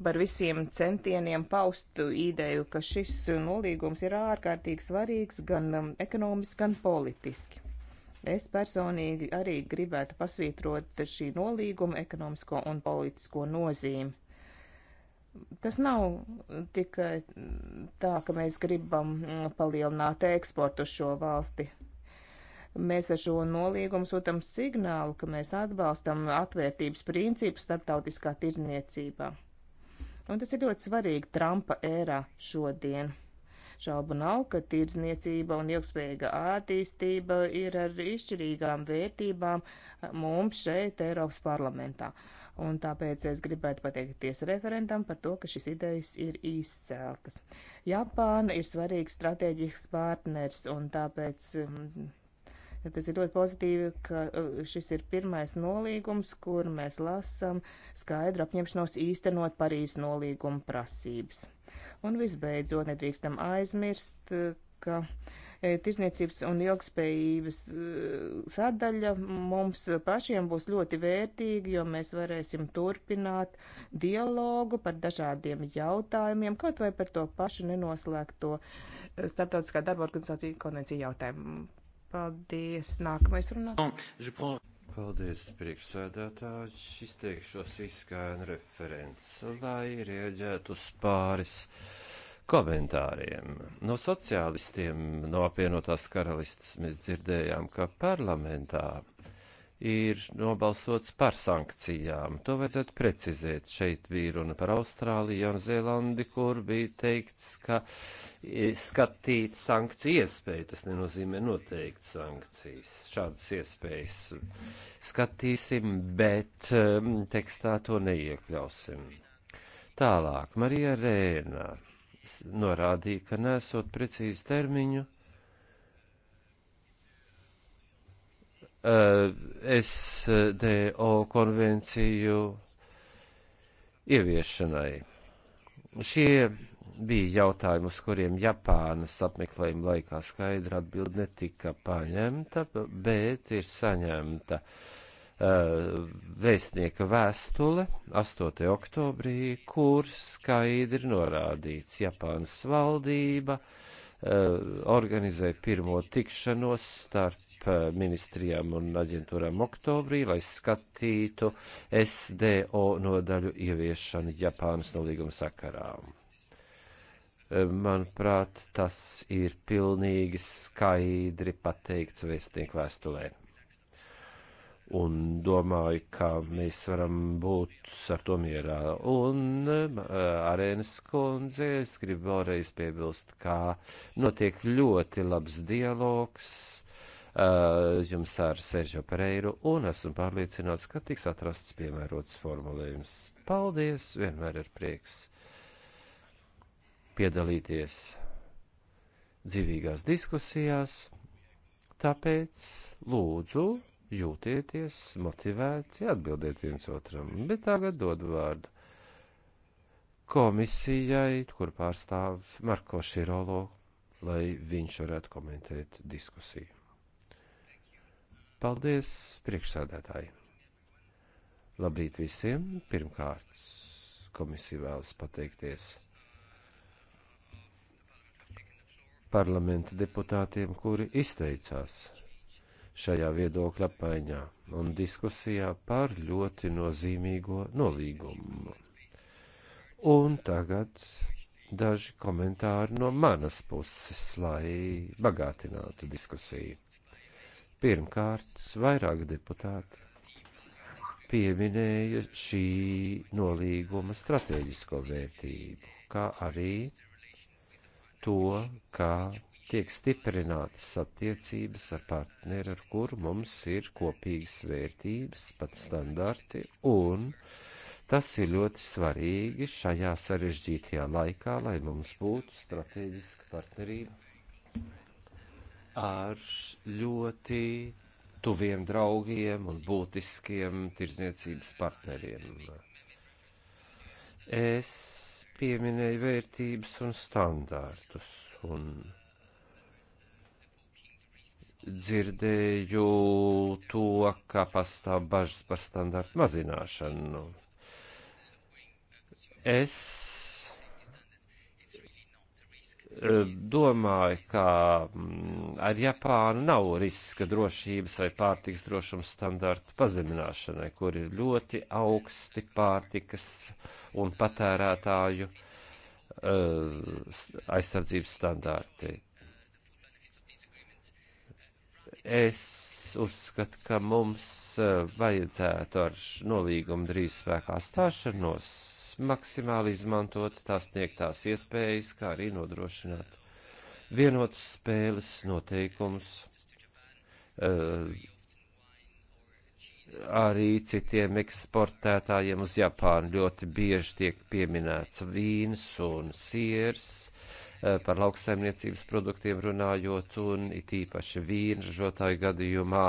[SPEAKER 2] par visiem centieniem paust ideju, ka šis nolīgums ir ārkārtīgi svarīgs gan um, ekonomiski, gan politiski. Es personīgi arī gribētu pasvītrot šī nolīguma ekonomisko un politisko nozīmi. Tas nav tikai tā, ka mēs gribam palielināt eksportu uz šo valsti Mēs ar šo nolīgumu sūtam signālu, ka mēs atbalstam atvērtības principus starptautiskā tirzniecībā. Un tas ir ļoti svarīgi Trumpa ērā šodien. Šaubu nav, ka tirdzniecība un ilgspējīga attīstība ir ar izšķirīgām vērtībām mums šeit, Eiropas parlamentā. Un tāpēc es gribētu pateikties referentam par to, ka šis idejas ir izceltas. Japāna ir svarīgs strateģisks partners, un tāpēc mm, Tas ir ļoti pozitīvi, ka uh, šis ir pirmais nolīgums, kur mēs lasām skaidru apņemšanos īstenot Parīzes nolīguma prasības. Un visbeidzot, nedrīkstam aizmirst, uh, ka uh, tirzniecības un ilgspējības sadaļa mums pašiem būs ļoti vērtīga, jo mēs varēsim turpināt dialogu par dažādiem jautājumiem, kaut vai par to pašu nenoslēgto starptautiskā darba organizācija konvenciju jautājumu. Paldies. Nākamais runātājs.
[SPEAKER 3] Paldies, priekšsēdētājs. Izteikšos izskaina referents, lai rieģētu uz pāris komentāriem. No sociālistiem no apvienotās karalistas mēs dzirdējām, ka parlamentā uh, ir nobalsots par sankcijām. To vajadzētu precizēt. Šeit bija runa par Austrāliju, Jaunzēlandi, kur bija teikts, ka skatīt sankciju iespēju, tas nenozīmē noteikti sankcijas. Šādas iespējas skatīsim, bet um, tekstā to neiekļausim. Tālāk Marija Rēna norādīja, ka nesot precīzi termiņu Eh, SDO konvenciju ieviešanai. Šie bija jautājumi, uz kuriem Japānas apmeklējuma laikā skaidra atbild netika paņemta, bet ir saņemta uh, vēstnieka vēstule 8. oktobrī, kur skaidri norādīts Japānas valdība uh, organizē pirmo tikšanos starp starp eh, ministrijām un aģentūrām oktobrī, lai skatītu SDO nodaļu ieviešanu Japānas nolīguma sakarā. Eh, manuprāt, tas ir pilnīgi skaidri pateikts vēstnieku vēstulē. Un domāju, ka mēs varam būt ar to mierā. Un uh, arēnas kundze, es gribu vēlreiz piebilst, kā notiek ļoti labs dialogs Eh, jums ar Seržo Pereiru, un esmu pārliecināts, ka tiks atrasts piemērots formulējums. Paldies, vienmēr ir prieks piedalīties dzīvīgās diskusijās, tāpēc lūdzu jūtieties motivēti atbildēt viens otram, bet tagad dod vārdu komisijai, kur pārstāv Marko Širolo, lai viņš varētu komentēt diskusiju. Paldies, priekšsādātāji! Labrīt visiem! Pirmkārt, komisija vēlas pateikties parlamenta deputātiem, kuri izteicās šajā viedokļa apmaiņā un diskusijā par ļoti nozīmīgo nolīgumu. Un tagad daži komentāri no manas puses, lai bagātinātu diskusiju. Pirmkārt, vairāk deputāti pieminēja šī nolīguma stratēģisko vērtību, kā arī to, kā tiek stiprinātas attiecības ar partneri, ar kuru mums ir kopīgas vērtības, pat standarti, un tas ir ļoti svarīgi šajā sarežģītajā laikā, lai mums būtu strateģiska partnerība ar ļoti tuviem draugiem un būtiskiem tirdzniecības partneriem. Es pieminēju vērtības un standārtus un dzirdēju to, ka pastāv bažas par standārtu mazināšanu. Es Eh, domāju, ka mm, ar Japānu nav riska drošības vai pārtiks drošums standārtu pazemināšanai, kur ir ļoti augsti pārtikas un patērētāju uh, aizsardzības standārti. Es uzskatu, ka mums eh, vajadzētu ar nolīgumu drīz spēkā stāšanos maksimāli izmantot tās sniegtās iespējas, kā arī nodrošināt vienotus spēles noteikumus uh, arī citiem eksportētājiem uz Japānu. Ļoti bieži tiek pieminēts vīns un siers. Uh, Eh, par lauksaimniecības produktiem runājot, un it īpaši vīnražotāju gadījumā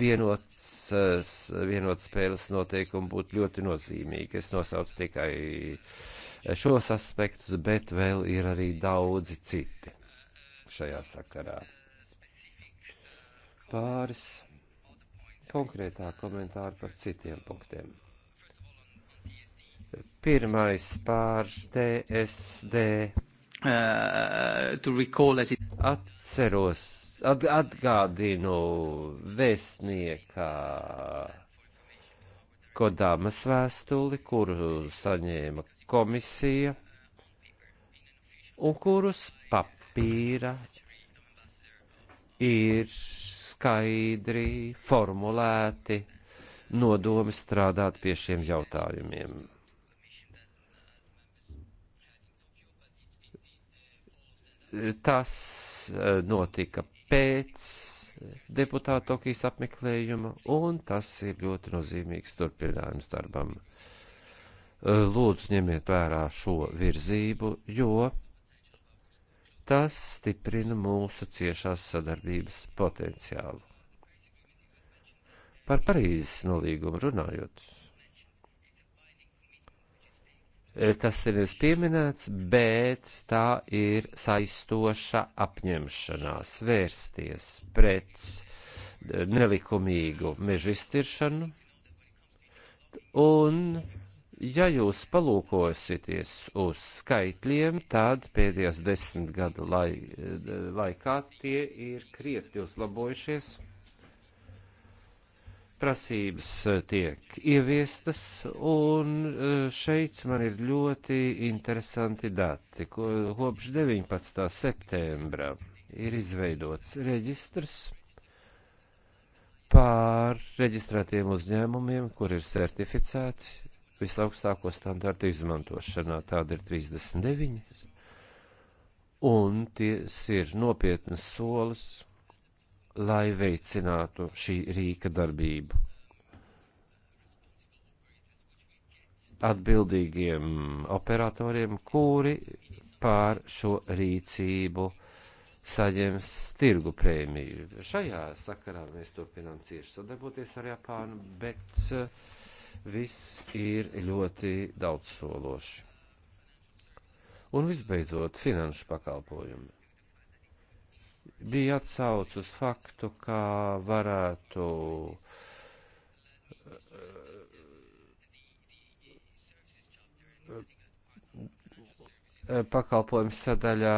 [SPEAKER 3] vienots, eh, vienots spēles noteikumi būtu ļoti nozīmīgi. Es nosaucu tikai eh, šos aspektus, bet vēl ir arī daudzi citi šajā sakarā. Pāris konkrētā komentāra par citiem punktiem. Pirmais pār TSD uh, to recall as it. Atceros, at, atgādinu vēstniekā Kodāmas vēstuli, kuru saņēma komisija un kurus papīra ir skaidri formulēti nodomi strādāt pie šiem jautājumiem. Tas eh, notika pēc deputāta Tokijas apmeklējuma, un tas ir ļoti nozīmīgs turpinājums darbam. Eh, lūdzu, ņemiet vērā šo virzību, jo tas stiprina mūsu ciešās sadarbības potenciālu. Par Parīzes nolīgumu runājot, Eh, tas ir pieminēts, bet tā ir saistoša apņemšanās vērsties pret eh, nelikumīgu mežu izciršanu. Un, ja jūs palūkosieties uz skaitļiem, tad pēdējos desmit gadu lai, eh, laikā tie ir krietni uzlabojušies prasības eh, tiek ieviestas, un eh, šeit man ir ļoti interesanti dati. Kopš 19. septembra ir izveidots reģistrs pār reģistrētiem uzņēmumiem, kur ir certificēti visaugstāko standartu izmantošanā. Tāda ir 39. Un tie ir nopietnas solis lai veicinātu šī rīka darbību. Atbildīgiem operatoriem, kuri pār šo rīcību saņems tirgu prēmiju. Šajā sakarā mēs turpinām cieši sadarboties ar Japānu, bet eh, viss ir ļoti daudzsološi. Un visbeidzot, finanšu pakalpojumi bija atsauc uz faktu, kā varētu eh, pakalpojumu sadaļā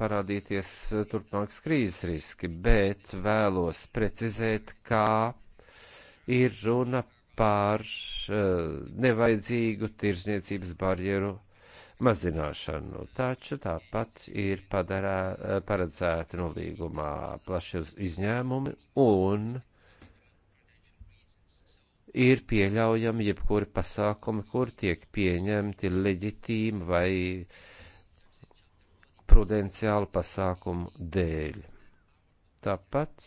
[SPEAKER 3] parādīties turpmākas krīzes riski, bet vēlos precizēt, kā ir runa par eh, nevajadzīgu tirzniecības barjeru mazināšanu. Taču tāpat ir padarā, eh, paredzēti nolīgumā plaši izņēmumi un ir pieļaujami jebkuri pasākumi, kur tiek pieņemti leģitīmi vai prudenciālu pasākumu dēļ. Tāpat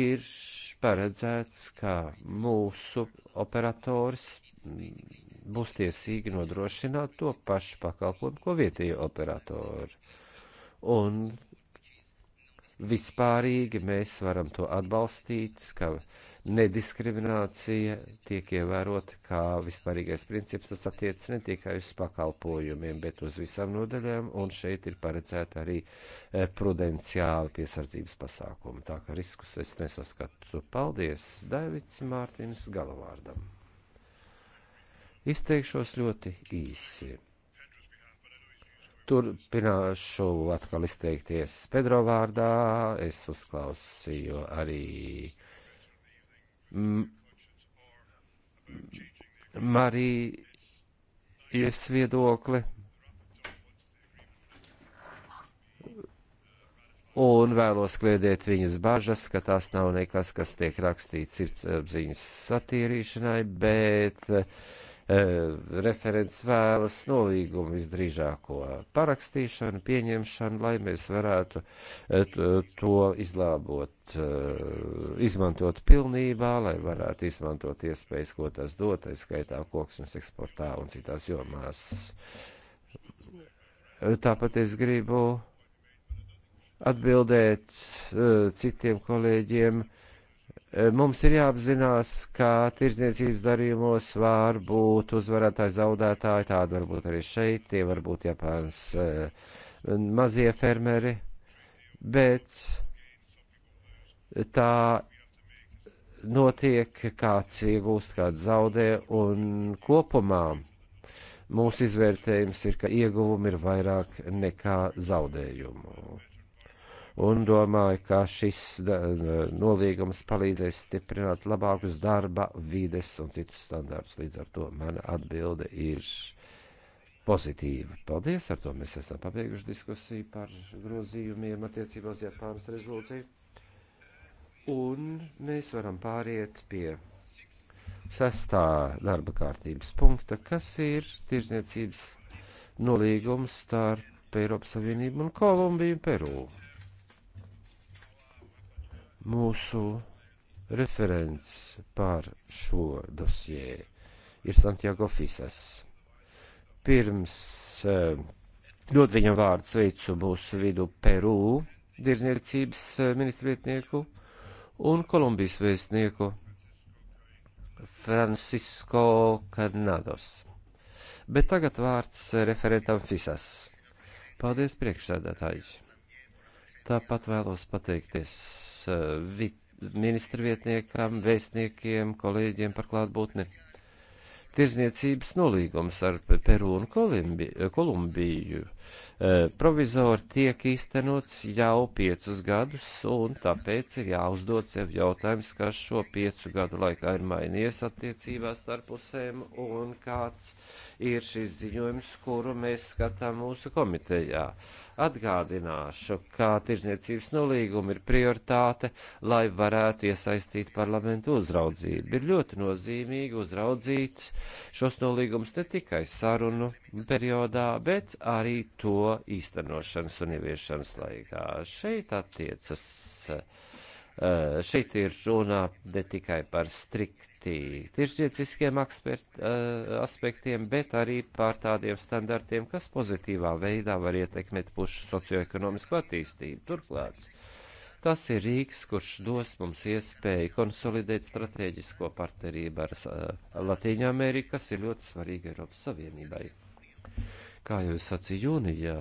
[SPEAKER 3] ir paredzēts, ka mūsu operators būs tiesīgi nodrošināt to pašu pakalpojumu, ko vietējie operatori. Un vispārīgi mēs varam to atbalstīt, ka nediskriminācija tiek ievērota kā vispārīgais princips. Tas attiecas ne tikai uz pakalpojumiem, bet uz visām nodaļām, un šeit ir paredzēta arī e, prudenciāla piesardzības pasākuma. Tā kā riskus es nesaskatu. Paldies, Davids Mārtiņš, galavārdam! Izteikšos ļoti īsi. Turpināšu atkal izteikties Pedro vārdā. Es uzklausīju arī Marijas viedokli. un vēlos kliedēt viņas bažas, ka tās nav nekas, kas tiek rakstīts sirdsapziņas satīrīšanai, bet Eh, referents vēlas nolīgumu visdrīzāko parakstīšanu, pieņemšanu, lai mēs varētu eh, to izlābot, eh, izmantot pilnībā, lai varētu izmantot iespējas, ko tas dod, skaitā koksnes eksportā un citās jomās. Tāpat es gribu atbildēt citiem kolēģiem Mums ir jāapzinās, ka tirdzniecības darījumos var būt uzvarētāji, zaudētāji, tādi varbūt arī šeit, tie varbūt Japānas mazie fermeri, bet tā notiek, kāds iegūst, kāds zaudē, un kopumā mūsu izvērtējums ir, ka ieguvumi ir vairāk nekā zaudējumu un domāju, ka šis nolīgums palīdzēs stiprināt labākus darba, vides un citus standārtus. Līdz ar to mana atbilde ir pozitīva. Paldies, ar to mēs esam pabeiguši diskusiju par grozījumiem attiecībā uz Japānas rezolūciju. Un mēs varam pāriet pie sestā darba kārtības punkta, kas ir tirzniecības nolīgums starp Eiropas Savienību un Kolumbiju un Peru. Mūsu referents pār šo dosjē ir Santiago Fisas. Pirms eh, dot viņam vārdu sveicu mūsu vidu Peru dirzniecības eh, ministru vietnieku un Kolumbijas vēstnieku Francisko Kanados. Bet tagad vārds eh, referentam Fisas. Paldies priekšsēdētāji! Tāpat vēlos pateikties eh, vit, ministra vietniekam, vēstniekiem, kolēģiem par klātbūtni. Tirzniecības nolīgums ar Peru un Kolumbi, Kolumbiju Eh, provizori tiek īstenots jau piecus gadus, un tāpēc ir jāuzdod sev jautājums, kas šo piecu gadu laikā ir mainījies attiecībās starp pusēm, un kāds ir šis ziņojums, kuru mēs skatām mūsu komitejā. Atgādināšu, kā tirzniecības nolīguma ir prioritāte, lai varētu iesaistīt parlamentu uzraudzību. Ir ļoti nozīmīgi uzraudzīt šos nolīgumus ne tikai sarunu periodā, bet arī to īstenošanas un ieviešanas laikā. Šeit attiecas, eh, šeit ir runā ne tikai par strikti tirsnieciskiem eh, aspektiem, bet arī par tādiem standartiem, kas pozitīvā veidā var ietekmēt pušu socioekonomisku attīstību. Turklāt. Tas ir Rīgas, kurš dos mums iespēju konsolidēt strateģisko partnerību ar uh, eh, Latviju Ameriku, kas ir ļoti svarīga Eiropas Savienībai. Kā jau es sacīju jūnijā,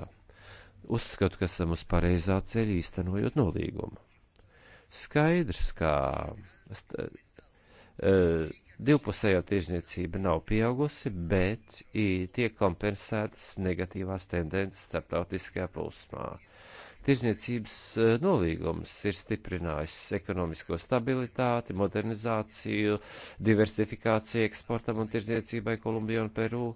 [SPEAKER 3] uzskatu, ka esam uz pareizā ceļa īstenojot nolīgumu. Skaidrs, ka uh, divpusējā tirzniecība nav pieaugusi, bet tiek kompensētas negatīvās tendences starptautiskajā plūsmā. Uh, Tirzniecības eh, nolīgums ir stiprinājis ekonomisko stabilitāti, modernizāciju, diversifikāciju eksportam un tirzniecībai Kolumbijā un Peru,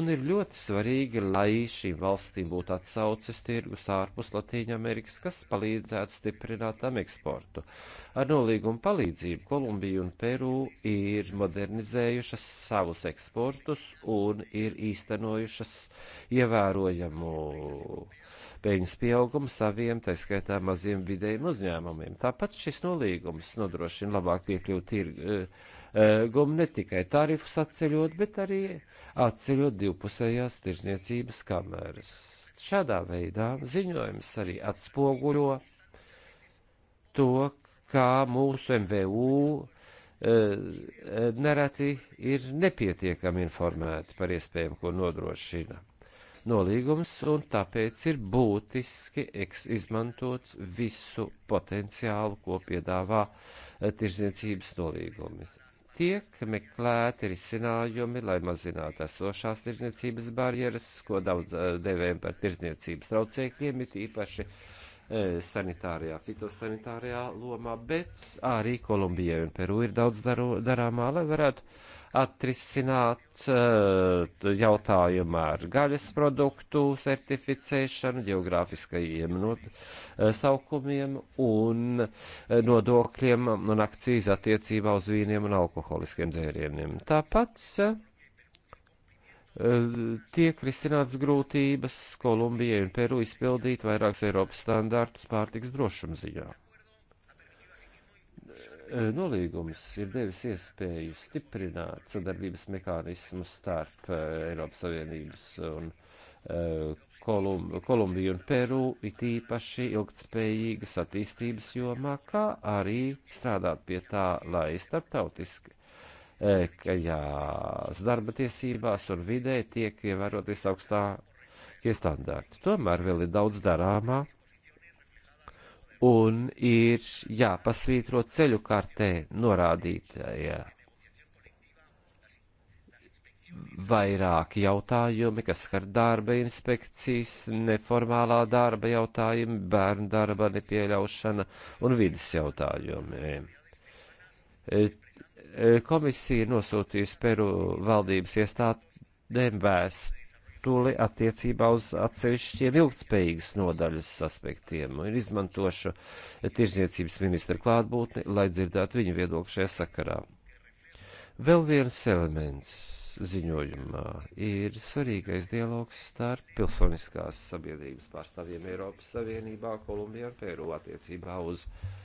[SPEAKER 3] un ir ļoti svarīgi, lai šīm valstīm būtu atsauces tirgus ārpus Latīņa Amerikas, kas palīdzētu stiprināt tam eksportu. Ar nolīgumu palīdzību Kolumbija un Peru ir modernizējušas savus eksportus un ir īstenojušas ievērojamu peļņas pieaugumu saviem, tā skaitā maziem vidējiem uzņēmumiem. Tāpat šis nolīgums nodrošina labāk piekļūt tirgumu eh, eh, ne tikai tarifus atceļot, bet arī atceļot divpusējās tirzniecības kameras. Šādā veidā ziņojums arī atspoguļo to, kā mūsu MVU eh, nereti ir nepietiekami informēti par iespējām, ko nodrošina nolīgums, un tāpēc ir būtiski izmantot visu potenciālu, ko piedāvā eh, tirzniecības nolīgumi tiek meklēti risinājumi, lai mazinātu esošās tirdzniecības barjeras, ko daudz eh, devējam par tirdzniecības traucēkļiem, it īpaši e, eh, sanitārijā, fitosanitārijā lomā, bet arī Kolumbijai un Peru ir daudz daru, darāmā, lai varētu atrisināt eh, jautājumu ar gaļas produktu certificēšanu, geogrāfiskajiem eh, saukumiem un eh, nodokļiem un akcijas attiecībā uz vīniem un alkoholiskiem dzērieniem. Tāpat tiek risināts grūtības Kolumbijai un Peru izpildīt vairākus Eiropas standārtus pārtiks drošuma ziņā nolīgums ir devis iespēju stiprināt sadarbības mehānismu starp Eiropas Savienības un Kolum, Kolumbiju un Peru, it īpaši ilgtspējīgas attīstības jomā, kā arī strādāt pie tā, lai starptautiski kajās darba tiesībās un vidē tiek ievērot visaugstākie standarti. Tomēr vēl ir daudz darāmā un ir jāpasvītro ceļu kartē norādītajā vairāki jautājumi, kas skar darba inspekcijas, neformālā darba jautājumi, bērnu darba nepieļaušana un vidas jautājumi. E, komisija nosūtījusi Peru valdības iestādēm vēstu vēstuli attiecībā uz atsevišķiem ilgtspējīgas nodaļas aspektiem un izmantošu tirzniecības ministra klātbūtni, lai dzirdētu viņu viedokli šajā sakarā. Vēl viens elements ziņojumā ir svarīgais dialogs starp pilsoniskās sabiedrības pārstāvjiem Eiropas Savienībā, Kolumbijā un Pēru attiecībā uz uh,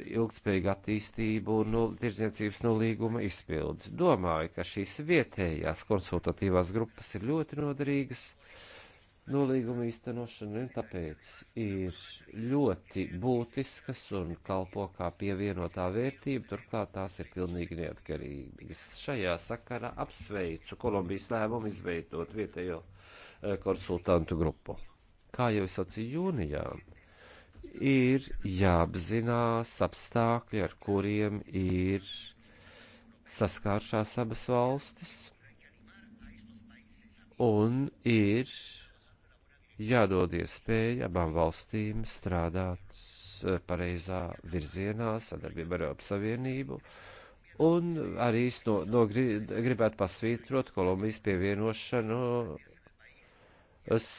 [SPEAKER 3] ilgspējīgu attīstību un nul, tirdzniecības nolīguma izpildi. Domāju, ka šīs vietējās konsultatīvās grupas ir ļoti noderīgas nolīguma īstenošana, un tāpēc ir ļoti būtiskas un kalpo kā pievienotā vērtība, turklāt tās ir pilnīgi neatkarīgas. Šajā sakarā apsveicu Kolumbijas lēmumu izveidot vietējo eh, konsultantu grupu. Kā jau es sacīju jūnijā, ir jāapzinās apstākļi, ar kuriem ir saskāršās abas valstis, un ir jādod iespēja abām valstīm strādāt eh, pareizā virzienā, sadarbībā ar Eiropas Savienību, un arī es no, no, gribētu pasvītrot Kolumbijas pievienošanu. Es,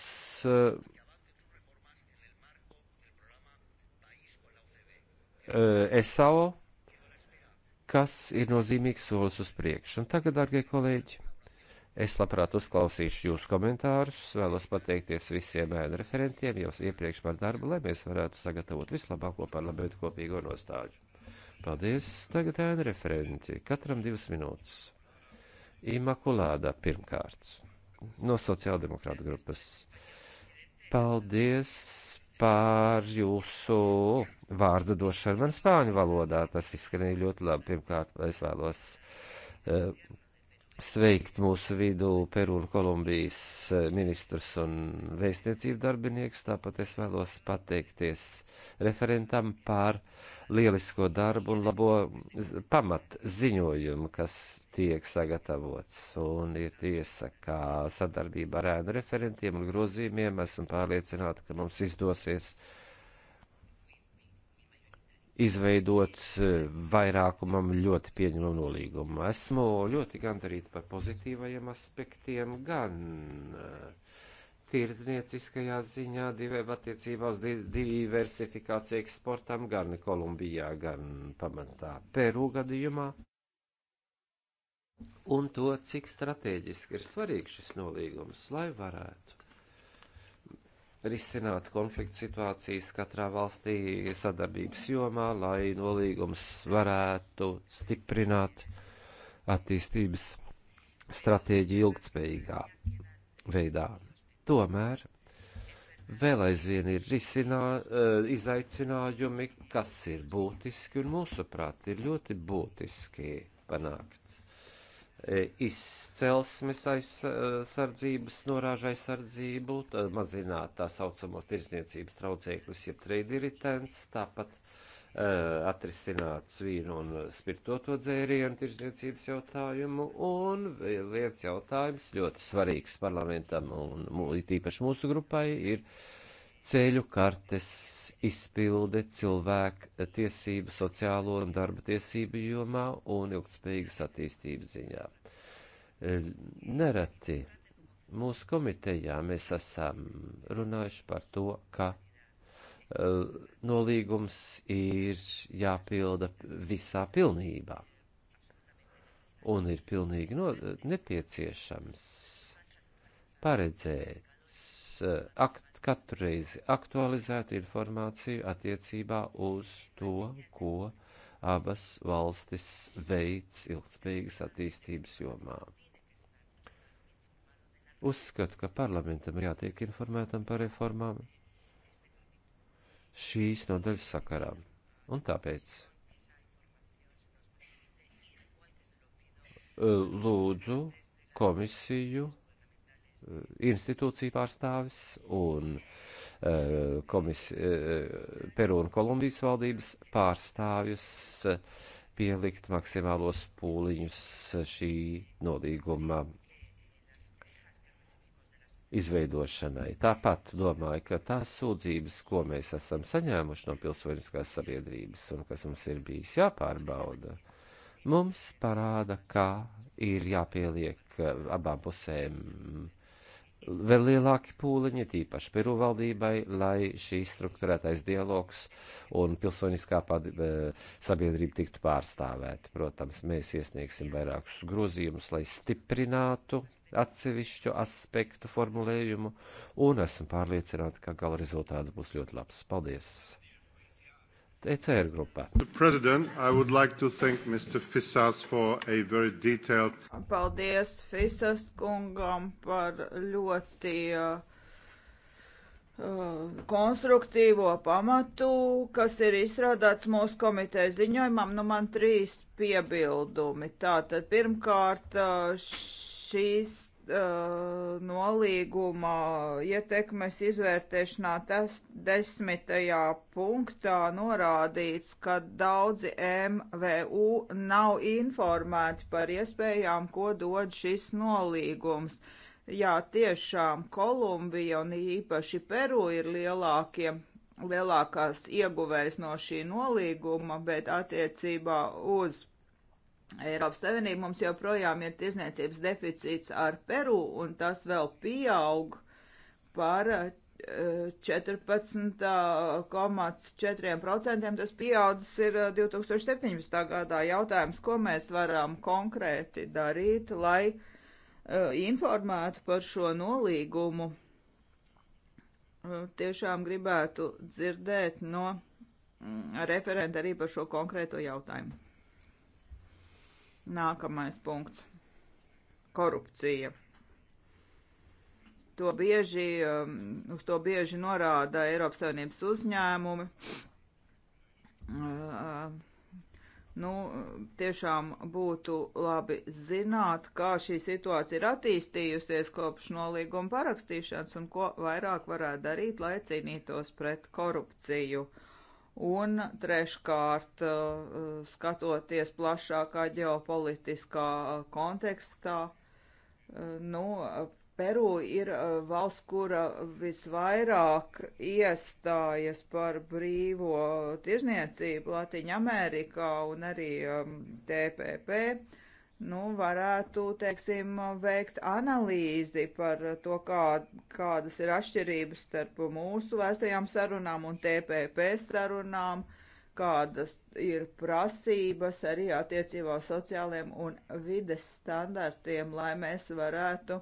[SPEAKER 3] uh, Eh, SAO, kas ir nozīmīgs solis uz priekšu. Un tagad, darbie kolēģi, es labprāt uzklausīšu jūsu komentārus, vēlos pateikties visiem ēnu referentiem jau iepriekš par darbu, lai mēs varētu sagatavot vislabāko parlamentu kopīgo nostāju. Paldies, tagad ēnu referenti, katram divas minūtes. Imakulāda pirmkārt, no sociāldemokrāta grupas. Paldies, par jūsu vārdu došanu man spāņu valodā. Tas izskanēja ļoti labi. Pirmkārt, es vēlos uh, sveikt mūsu vidū Peru un Kolumbijas eh, ministrus un vēstniecību darbinieks. Tāpat es vēlos pateikties referentam par lielisko darbu un labo pamat ziņojumu, kas tiek sagatavots. Un ir tiesa, ka sadarbībā ar ēnu referentiem un grozījumiem esmu pārliecināta, ka mums izdosies uh, izveidot e, vairākumam ļoti pieņemamu nolīgumu. Esmu ļoti gandarīta par pozitīvajiem aspektiem, gan e, tirdznieciskajā ziņā, diviem attiecībā uz diversifikāciju eksportam, gan Kolumbijā, gan pamatā Peru gadījumā. Un to, cik strateģiski ir svarīgs šis nolīgums, lai varētu risināt konfliktu situācijas katrā valstī sadarbības jomā, lai nolīgums varētu stiprināt attīstības stratēģiju ilgtspējīgā veidā. Tomēr vēl aizvien ir risinā, eh, izaicinājumi, kas ir būtiski un mūsuprāt ir ļoti būtiski panākt E, izcelsmes aizsardzības, norāža aizsardzību, mazināt tā saucamos tirzniecības traucēkļus, jeb treidiritens, tāpat uh, atrisināt svīnu un spirtoto dzērienu tirzniecības jautājumu, un viens jautājums ļoti svarīgs parlamentam un, un tīpaši mūsu grupai ir uh, ceļu kartes izpilde cilvēku eh, tiesību, sociālo un darba tiesību jomā un ilgtspējīgas attīstības ziņā. Eh, nereti mūsu komitejā mēs esam runājuši par to, ka uh, nolīgums ir jāpilda visā pilnībā un ir pilnīgi no, nepieciešams paredzēt uh, aktu katru reizi aktualizētu informāciju attiecībā uz to, ko abas valstis veids ilgspējīgas attīstības jomā. Uzskatu, ka parlamentam ir jātiek informētam par reformām šīs nodaļas sakarā. Un tāpēc eh, lūdzu komisiju institūciju pārstāvis un eh, komisi, eh, Peru un Kolumbijas valdības pārstāvjus eh, pielikt maksimālos pūliņus šī nolīguma izveidošanai. Tāpat domāju, ka tās sūdzības, ko mēs esam saņēmuši no pilsoniskās sabiedrības un kas mums ir bijis jāpārbauda, mums parāda, kā ir jāpieliek abām pusēm vēl lielāki pūliņi, tīpaši Peru valdībai, lai šīs struktūrētais dialogs un pilsoniskā pad, e, sabiedrība tiktu pārstāvēta. Protams, mēs iesniegsim vairākus grozījumus, lai stiprinātu atsevišķu aspektu formulējumu, un esmu pārliecināti, ka gala rezultāts būs ļoti labs. Paldies! ECR grupā. Like detailed...
[SPEAKER 1] Paldies Fisas kungam par ļoti uh, uh, konstruktīvo pamatu, kas ir izstrādāts mūsu komitejas ziņojumam. Nu, man trīs piebildumi. Tātad pirmkārt uh, šīs Uh, nolīguma ietekmes izvērtēšanā tas desmitajā punktā norādīts, ka daudzi MVU nav informēti par iespējām, ko dod šis nolīgums. Jā, tiešām Kolumbija un īpaši Peru ir lielākie, lielākās ieguvējs no šī nolīguma, bet attiecībā uz Eiropas Savienība mums joprojām ir tirzniecības deficīts ar Peru, un tas vēl pieaug par 14,4%. Eh, eh, tas pieaudzis ir 2017. Eh, gadā. Jautājums, ko mēs varam konkrēti darīt, lai informētu par šo nolīgumu. Tiešām gribētu dzirdēt no mm, referenta arī par šo konkrēto jautājumu. Nākamais punkts - korupcija. To bieži, um, uz to bieži norāda Eiropas Savienības uzņēmumi. Uh, nu, tiešām būtu labi zināt, kā šī situācija ir attīstījusies kopš nolīguma parakstīšanas un ko vairāk varētu darīt, lai cīnītos pret korupciju. Uh, Un treškārt, eh, skatoties plašākā ģeopolitiskā kontekstā, eh, nu, Peru ir eh, valsts, kura visvairāk iestājas par brīvo tirzniecību Latvijā, Amerikā un arī TPP. Um, nu, varētu, teiksim, veikt analīzi par to, kā, kādas ir atšķirības starp mūsu vēstajām sarunām un TPP sarunām, kādas ir prasības arī attiecībā sociāliem un vides standartiem, lai mēs varētu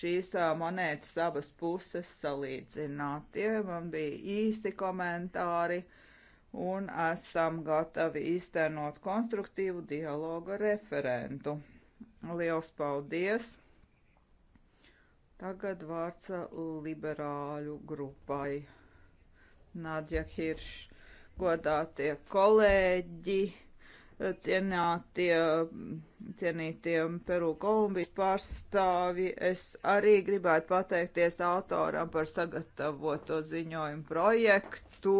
[SPEAKER 1] šīs monētas abas puses salīdzināt. Tie man bija īsti komentāri. Uh, un esam gatavi īstenot konstruktīvu dialogu ar referentu. Liels paldies! Tagad vārds liberāļu grupai. Nadja Hirš, godātie kolēģi, cienātie, cienītie Peru Kolumbijas pārstāvji, es arī gribētu pateikties autoram par sagatavoto ziņojumu projektu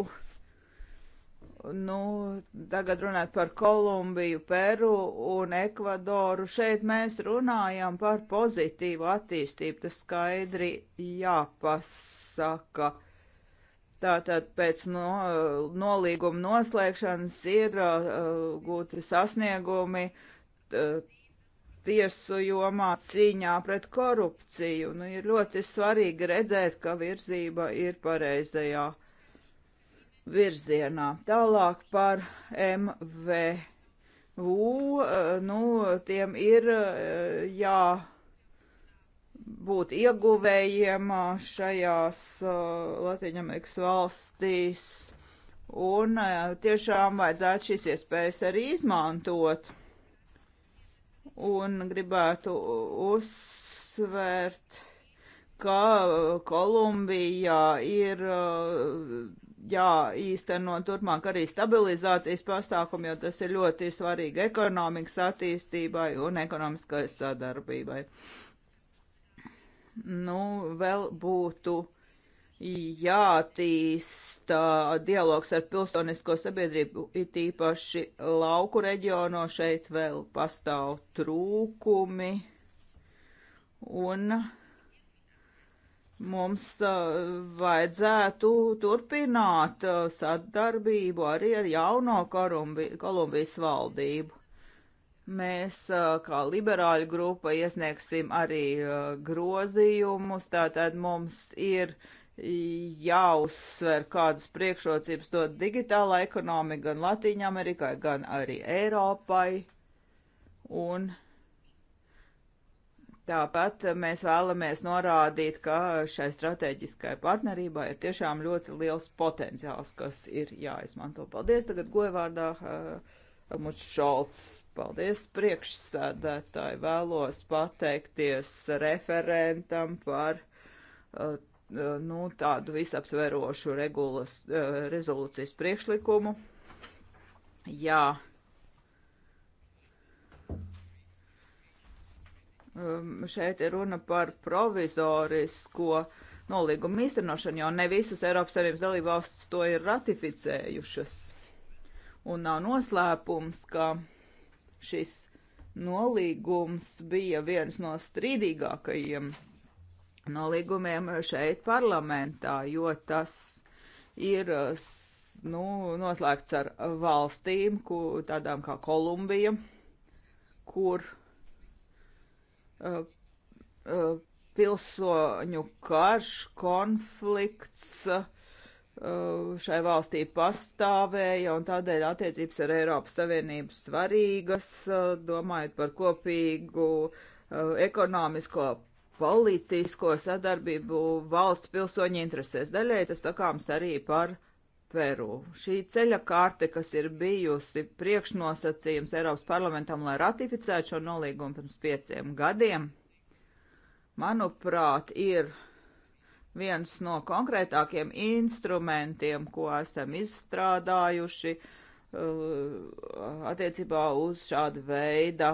[SPEAKER 1] nu, tagad runāt par Kolumbiju, Peru un Ekvadoru. Šeit mēs runājam par pozitīvu attīstību, tas skaidri jāpasaka. Tātad pēc no, nolīguma noslēgšanas ir uh, gūti sasniegumi t, tiesu jomā cīņā pret korupciju. Nu, ir ļoti svarīgi redzēt, ka virzība ir pareizajā virzienā. Tālāk par MVU, eh, nu, tiem ir eh, jā būt ieguvējiem eh, šajās Latvijas valstīs, un tiešām vajadzētu šīs iespējas arī izmantot. Un gribētu uzsvērt, ka Kolumbijā ir uh, jāīsteno turpmāk arī stabilizācijas pasākumi, jo tas ir ļoti svarīgi ekonomikas attīstībai un ekonomiskai sadarbībai. Nu, vēl būtu jātīsta dialogs ar pilsonisko sabiedrību, it īpaši lauku reģiono šeit vēl pastāv trūkumi. Un mums vajadzētu turpināt sadarbību arī ar jauno Kolumbi Kolumbijas valdību. Mēs, kā liberāļu grupa, iesniegsim arī grozījumus, tātad mums ir jāuzsver, kādas priekšrocības dod digitāla ekonomika gan Latīņa Amerikai, gan arī Eiropai. Un Tāpat mēs vēlamies norādīt, ka šai strateģiskai partnerībai ir tiešām ļoti liels potenciāls, kas ir jāizmanto. Paldies tagad gojvārdā eh, mums šalts. Paldies priekšsēdētāji. Vēlos pateikties referentam par eh, nu, tādu visaptverošu regulas, eh, rezolūcijas priekšlikumu. Jā. Yeah Um, šeit ir runa par provizorisko nolīgumu īstenošanu, jo ne visas Eiropas Savienības dalībvalstis to ir ratificējušas. Un nav noslēpums, ka šis nolīgums bija viens no strīdīgākajiem nolīgumiem šeit parlamentā, jo tas ir nu, noslēgts ar valstīm, kur, tādām kā Kolumbija, kur pilsoņu karš, konflikts eh, šai valstī pastāvēja, un tādēļ attiecības ar Eiropas Savienību svarīgas, eh, domājot par kopīgu eh, ekonomisko politisko sadarbību valsts pilsoņu interesēs. Daļai tas sakāms arī par Peru. Šī ceļa kārte, kas ir bijusi priekšnosacījums Eiropas parlamentam, lai ratificētu šo nolīgumu pirms pieciem gadiem, manuprāt, ir viens no konkrētākiem instrumentiem, ko esam izstrādājuši uh, attiecībā uz šādu veidu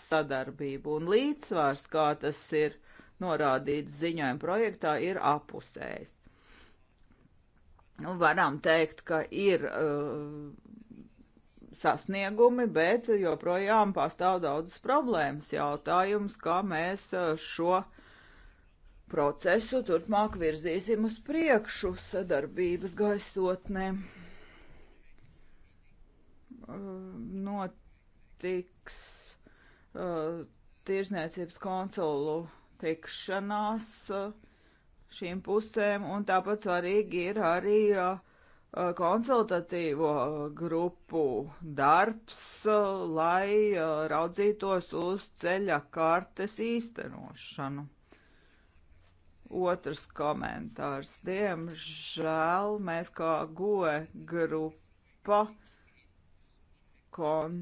[SPEAKER 1] sadarbību. Un līdzsvars, kā tas ir norādīts ziņojuma projektā, ir apusējs. Nu, varam teikt, ka ir uh, sasniegumi, bet joprojām pastāv daudzas problēmas. Jautājums, kā mēs uh, šo procesu turpmāk virzīsim uz priekšu sadarbības gaisotnē. Uh, notiks uh, tirzniecības konsulu tikšanās. Uh, šīm pusēm, un tāpat svarīgi ir arī konsultatīvo grupu darbs, lai raudzītos uz ceļa kartes īstenošanu. Otrs komentārs. Diemžēl mēs kā goe grupa kon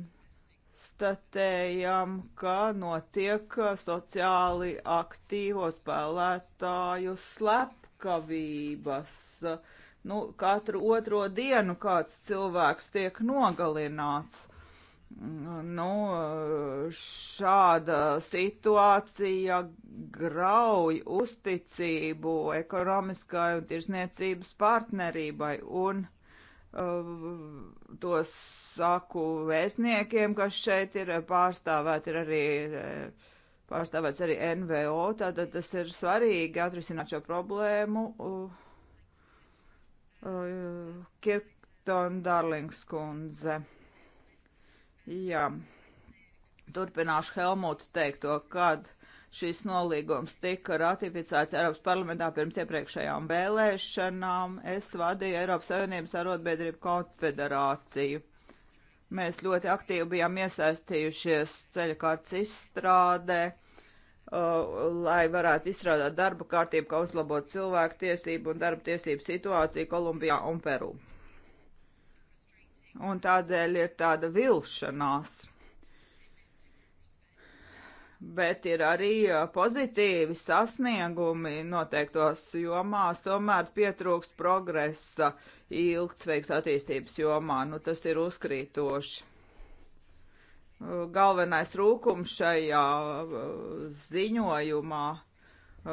[SPEAKER 1] konstatējam, ka notiek sociāli aktīvo spēlētāju slepkavības. Nu, katru otro dienu kāds cilvēks tiek nogalināts. Nu, šāda situācija grauj uzticību ekonomiskai un tirsniecības partnerībai un to saku vēstniekiem, kas šeit ir pārstāvēti, ir arī pārstāvēts arī NVO, tātad tas ir svarīgi atrisināt šo problēmu. Kirkton Darlings kundze. Jā, turpināšu Helmuta teikto, kad Šis nolīgums tika ratificēts Eiropas parlamentā pirms iepriekšējām vēlēšanām. Es vadīju Eiropas Savienības arotbiedrību konfederāciju. Mēs ļoti aktīvi bijām iesaistījušies ceļkārtas izstrādē, uh, lai varētu izstrādāt darba kārtību, kā uzlabot cilvēku tiesību un darba tiesību situāciju Kolumbijā un Peru. Un tādēļ ir tāda vilšanās bet ir arī pozitīvi sasniegumi noteiktos jomās, tomēr pietrūkst progresa ilgtspējīgas attīstības jomā. Nu, tas ir uzkrītoši. Galvenais rūkums šajā ziņojumā,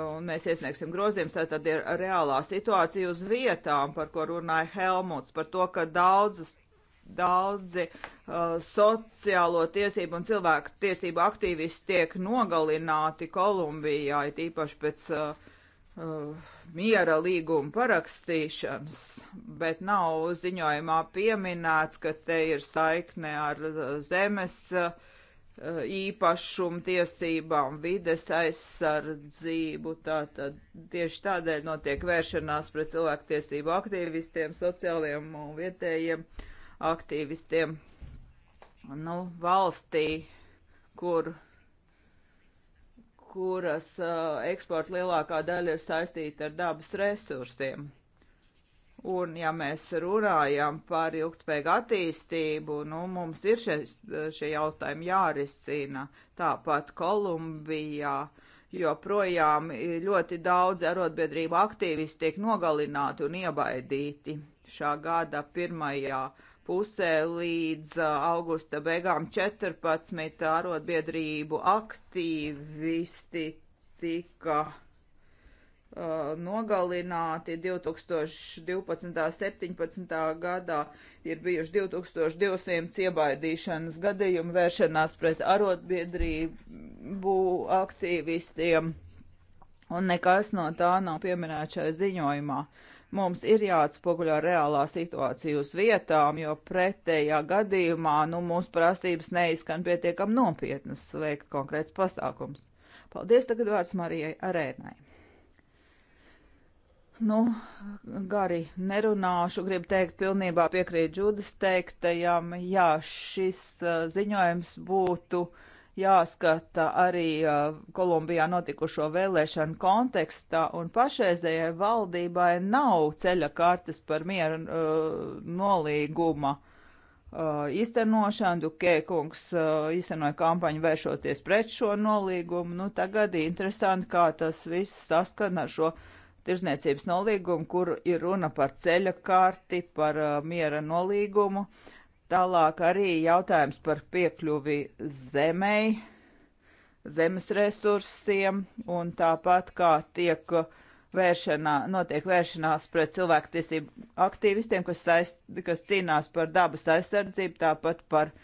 [SPEAKER 1] un mēs iesniegsim grozījums, tātad ir reālā situācija uz vietām, par ko runāja Helmuts, par to, ka daudzas daudzi uh, sociālo tiesību un cilvēku tiesību aktīvisti tiek nogalināti Kolumbijā, it īpaši pēc uh, uh, miera līguma parakstīšanas, bet nav ziņojumā pieminēts, ka te ir saikne ar uh, zemes uh, īpašumu tiesībām, vides aizsardzību, tātad tieši tādēļ notiek vēršanās pret cilvēku tiesību aktīvistiem, sociāliem un vietējiem uh, aktīvistiem. Nu, valstī, kur kuras uh, eksporta lielākā daļa ir saistīta ar dabas resursiem. Un, ja mēs runājam par ilgspējīgu attīstību, nu, mums ir šies, šie jautājumi jārisina. Tāpat Kolumbijā joprojām ļoti daudz arotbiedrību aktīvisti tiek nogalināti un iebaidīti. Šā gada pirmajā uh, pusē līdz augusta beigām 14 arotbiedrību aktīvisti tika uh, nogalināti 2012. 17. gadā ir bijuši 2200 iebaidīšanas gadījumi vēršanās pret arotbiedrību aktīvistiem, un nekas no tā nav pieminēts šajā ziņojumā. Uh, Mums ir jāatspoguļo reālā situācija uz vietām, jo pretējā gadījumā nu, mūsu prasības neizskan pietiekam nopietnas veikt konkrēts pasākums. Paldies tagad vārds Marijai Arēnai. Nu, gari nerunāšu, gribu teikt, pilnībā piekrīt Džudas teiktajam, jā, šis uh, ziņojums būtu uh, jāskata arī uh, Kolumbijā notikušo vēlēšanu kontekstā, un pašreizējai valdībai nav ceļa kartes par mieru uh, nolīguma uh, īstenošanu. Dukē kungs īstenoja kampaņu vēršoties pret šo nolīgumu. Nu, tagad interesanti, kā tas viss saskana ar šo tirzniecības nolīgumu, kur ir runa par ceļa karti, par miera nolīgumu. Uh, Tālāk arī jautājums par piekļuvi zemei, zemes resursiem un tāpat kā tiek vēršanā, notiek vēršanās pret cilvēktiesību aktīvistiem, kas, saist, kas cīnās par dabas aizsardzību, tāpat par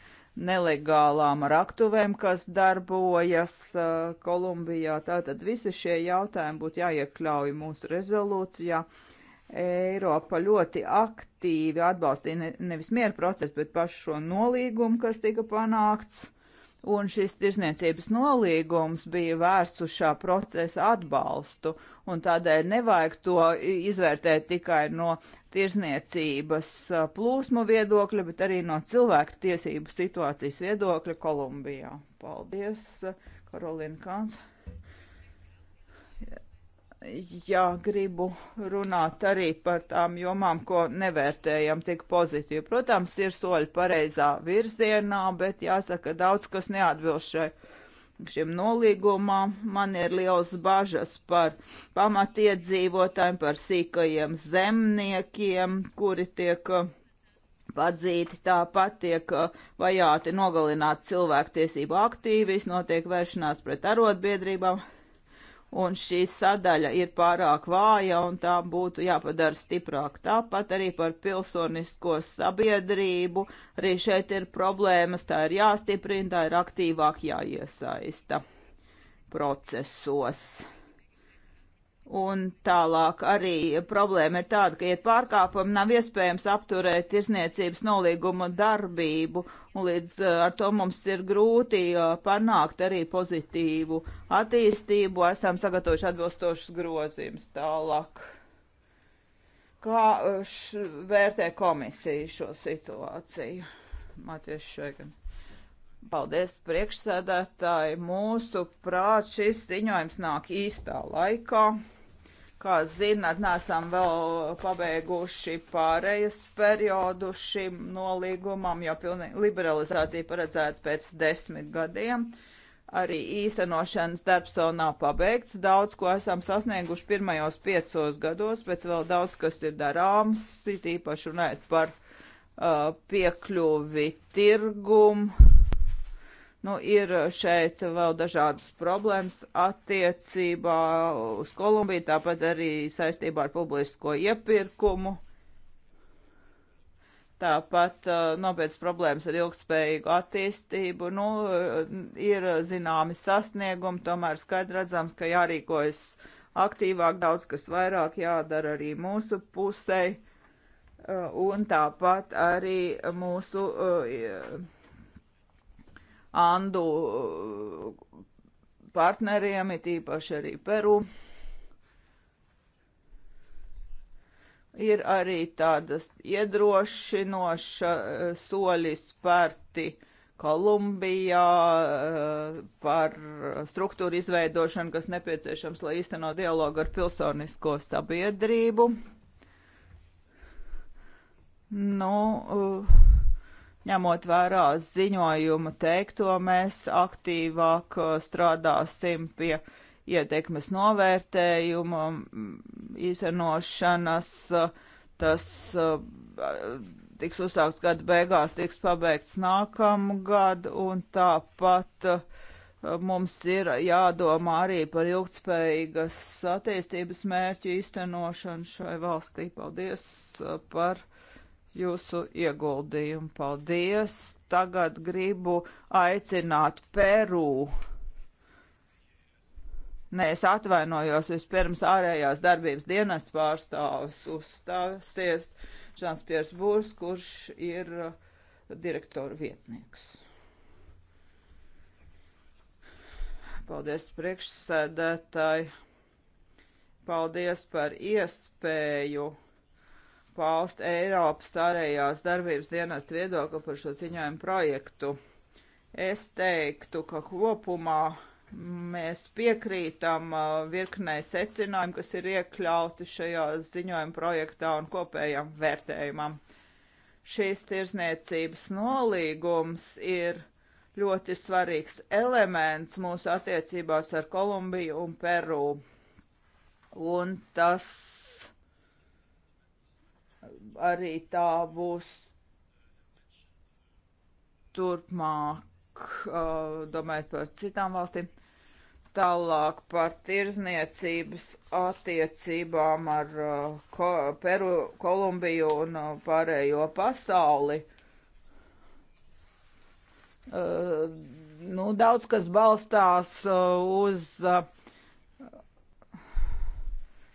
[SPEAKER 1] nelegālām raktuvēm, kas darbojas uh, Kolumbijā. Tātad visi šie jautājumi būtu jāiekļauj mūsu rezolūcijā. Ja Eiropa ļoti aktīvi atbalstīja ne, nevis mieru procesu, bet pašu šo nolīgumu, kas tika panākts. Un šis tirzniecības nolīgums bija vērsts uz šā procesa atbalstu, un tādēļ nevajag to izvērtēt tikai no tirzniecības plūsmu viedokļa, bet arī no cilvēku tiesību situācijas viedokļa Kolumbijā. Paldies, Karolīna Kans. Jā, gribu runāt arī par tām jomām, ko nevērtējam tik pozitīvi. Protams, ir soļi pareizā virzienā, bet jāsaka, daudz kas neatbilst šai šim nolīgumam. Man ir liels bažas par pamatiedzīvotājiem, par sīkajiem zemniekiem, kuri tiek uh, padzīti, tāpat tiek uh, vajāti nogalināt cilvēktiesību aktīvis, notiek vēršanās pret arotbiedrībām un šī sadaļa ir pārāk vāja, un tā būtu jāpadara stiprāk. Tāpat arī par pilsonisko sabiedrību, arī šeit ir problēmas, tā ir jāstiprina, tā ir aktīvāk jāiesaista procesos. Un tālāk arī problēma ir tāda, ka iet pārkāpumi nav iespējams apturēt tirsniecības nolīguma darbību, un līdz eh, ar to mums ir grūti eh, panākt arī pozitīvu attīstību. Esam sagatavojuši atbilstošas grozījumus tālāk. Kā eh, vērtē komisija šo situāciju? Matiešs Šegan. Paldies, priekšsēdētāji. Mūsu prāt šis ziņojums nāk īstā laikā. Kā zināt, nesam vēl pabeiguši pārējas periodu šim nolīgumam, jo pilnīgi liberalizācija paredzēta pēc desmit gadiem. Arī īstenošanas darbs vēl nav pabeigts. Daudz, ko esam sasnieguši pirmajos piecos gados, bet vēl daudz, kas ir darāms, it īpaši runājot par uh, piekļuvi tirgumu Nu, ir eh, šeit vēl dažādas problēmas attiecībā uz Kolumbiju, tāpat arī saistībā ar publisko iepirkumu. Tāpat eh, nopietnas problēmas ar ilgspējīgu attīstību. Nu, eh, ir zināmi sasniegumi, tomēr skaidri redzams, ka jārīkojas aktīvāk, daudz kas vairāk jādara arī mūsu pusē. Un tāpat arī mūsu. Uh, Andu uh, partneriem, it īpaši arī Peru. Ir arī tādas iedrošinoša uh, soļi spērti Kolumbijā uh, par struktūru izveidošanu, kas nepieciešams, lai īstenot dialogu ar pilsonisko sabiedrību. Nu, uh, Ņemot vērā ziņojumu teikto, mēs aktīvāk uh, strādāsim pie ietekmes novērtējuma, īstenošanas, uh, tas uh, tiks uzsākts gada beigās, tiks pabeigts nākamgad, un tāpat mums ir jādomā arī par ilgtspējīgas attīstības mērķu īstenošanu šai valstī. Paldies par jūsu ieguldījumu. Paldies! Tagad gribu aicināt Peru. Nē, es atvainojos, vispirms ārējās darbības dienas pārstāvis uzstāsies Žans Piers Būrs, kurš ir uh, direktoru vietnieks. Paldies priekšsēdētāji. Paldies par iespēju paust Eiropas ārējās darbības dienas viedokli par šo ziņojumu projektu. Es teiktu, ka kopumā mēs piekrītam uh, virknei secinājumu, kas ir iekļauti šajā ziņojuma projektā un kopējam vērtējumam. Šīs tirzniecības nolīgums ir ļoti svarīgs elements mūsu attiecībās ar Kolumbiju un Peru. Un tas arī tā būs turpmāk, uh, domājot par citām valstīm. Tālāk par tirzniecības attiecībām ar uh, ko, Peru, Kolumbiju un uh, pārējo pasauli. Uh, nu, daudz kas balstās uh, uz uh,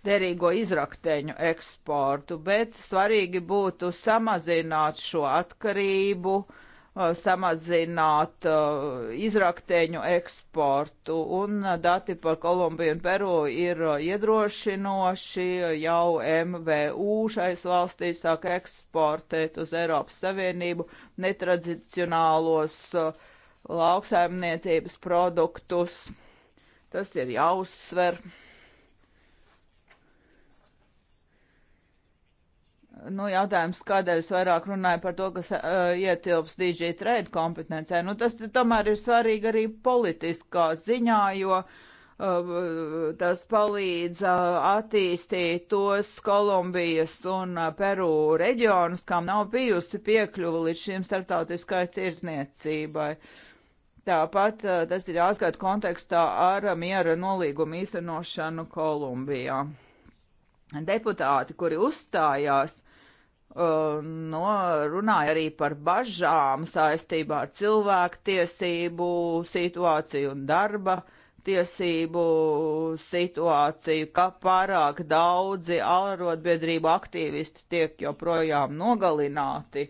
[SPEAKER 1] derīgo izrakteņu eksportu, bet svarīgi būtu samazināt šo atkarību, uh, samazināt uh, izrakteņu eksportu, un uh, dati par Kolumbiju un Peru ir iedrošinoši, jau MVU šais valstīs sāk eksportēt uz Eiropas Savienību netradicionālos lauksaimniecības produktus. Tas ir jāuzsver. Ja Nu, jautājums, kādēļ es vairāk runāju par to, kas uh, ietilps DJ trade kompetencē. Nu, tas tomēr ir svarīgi arī politiskā ziņā, jo uh, tas palīdz uh, attīstīt tos Kolumbijas un uh, Peru reģionus, kam nav bijusi piekļuva līdz šim starptautiskai tirzniecībai. Tāpat uh, tas ir jāskat kontekstā ar uh, miera nolīgumu īstenošanu Kolumbijā deputāti, kuri uzstājās, Uh, no, runāja arī par bažām saistībā ar cilvēku tiesību situāciju un darba tiesību situāciju, ka pārāk daudzi arotbiedrību aktīvisti tiek joprojām nogalināti.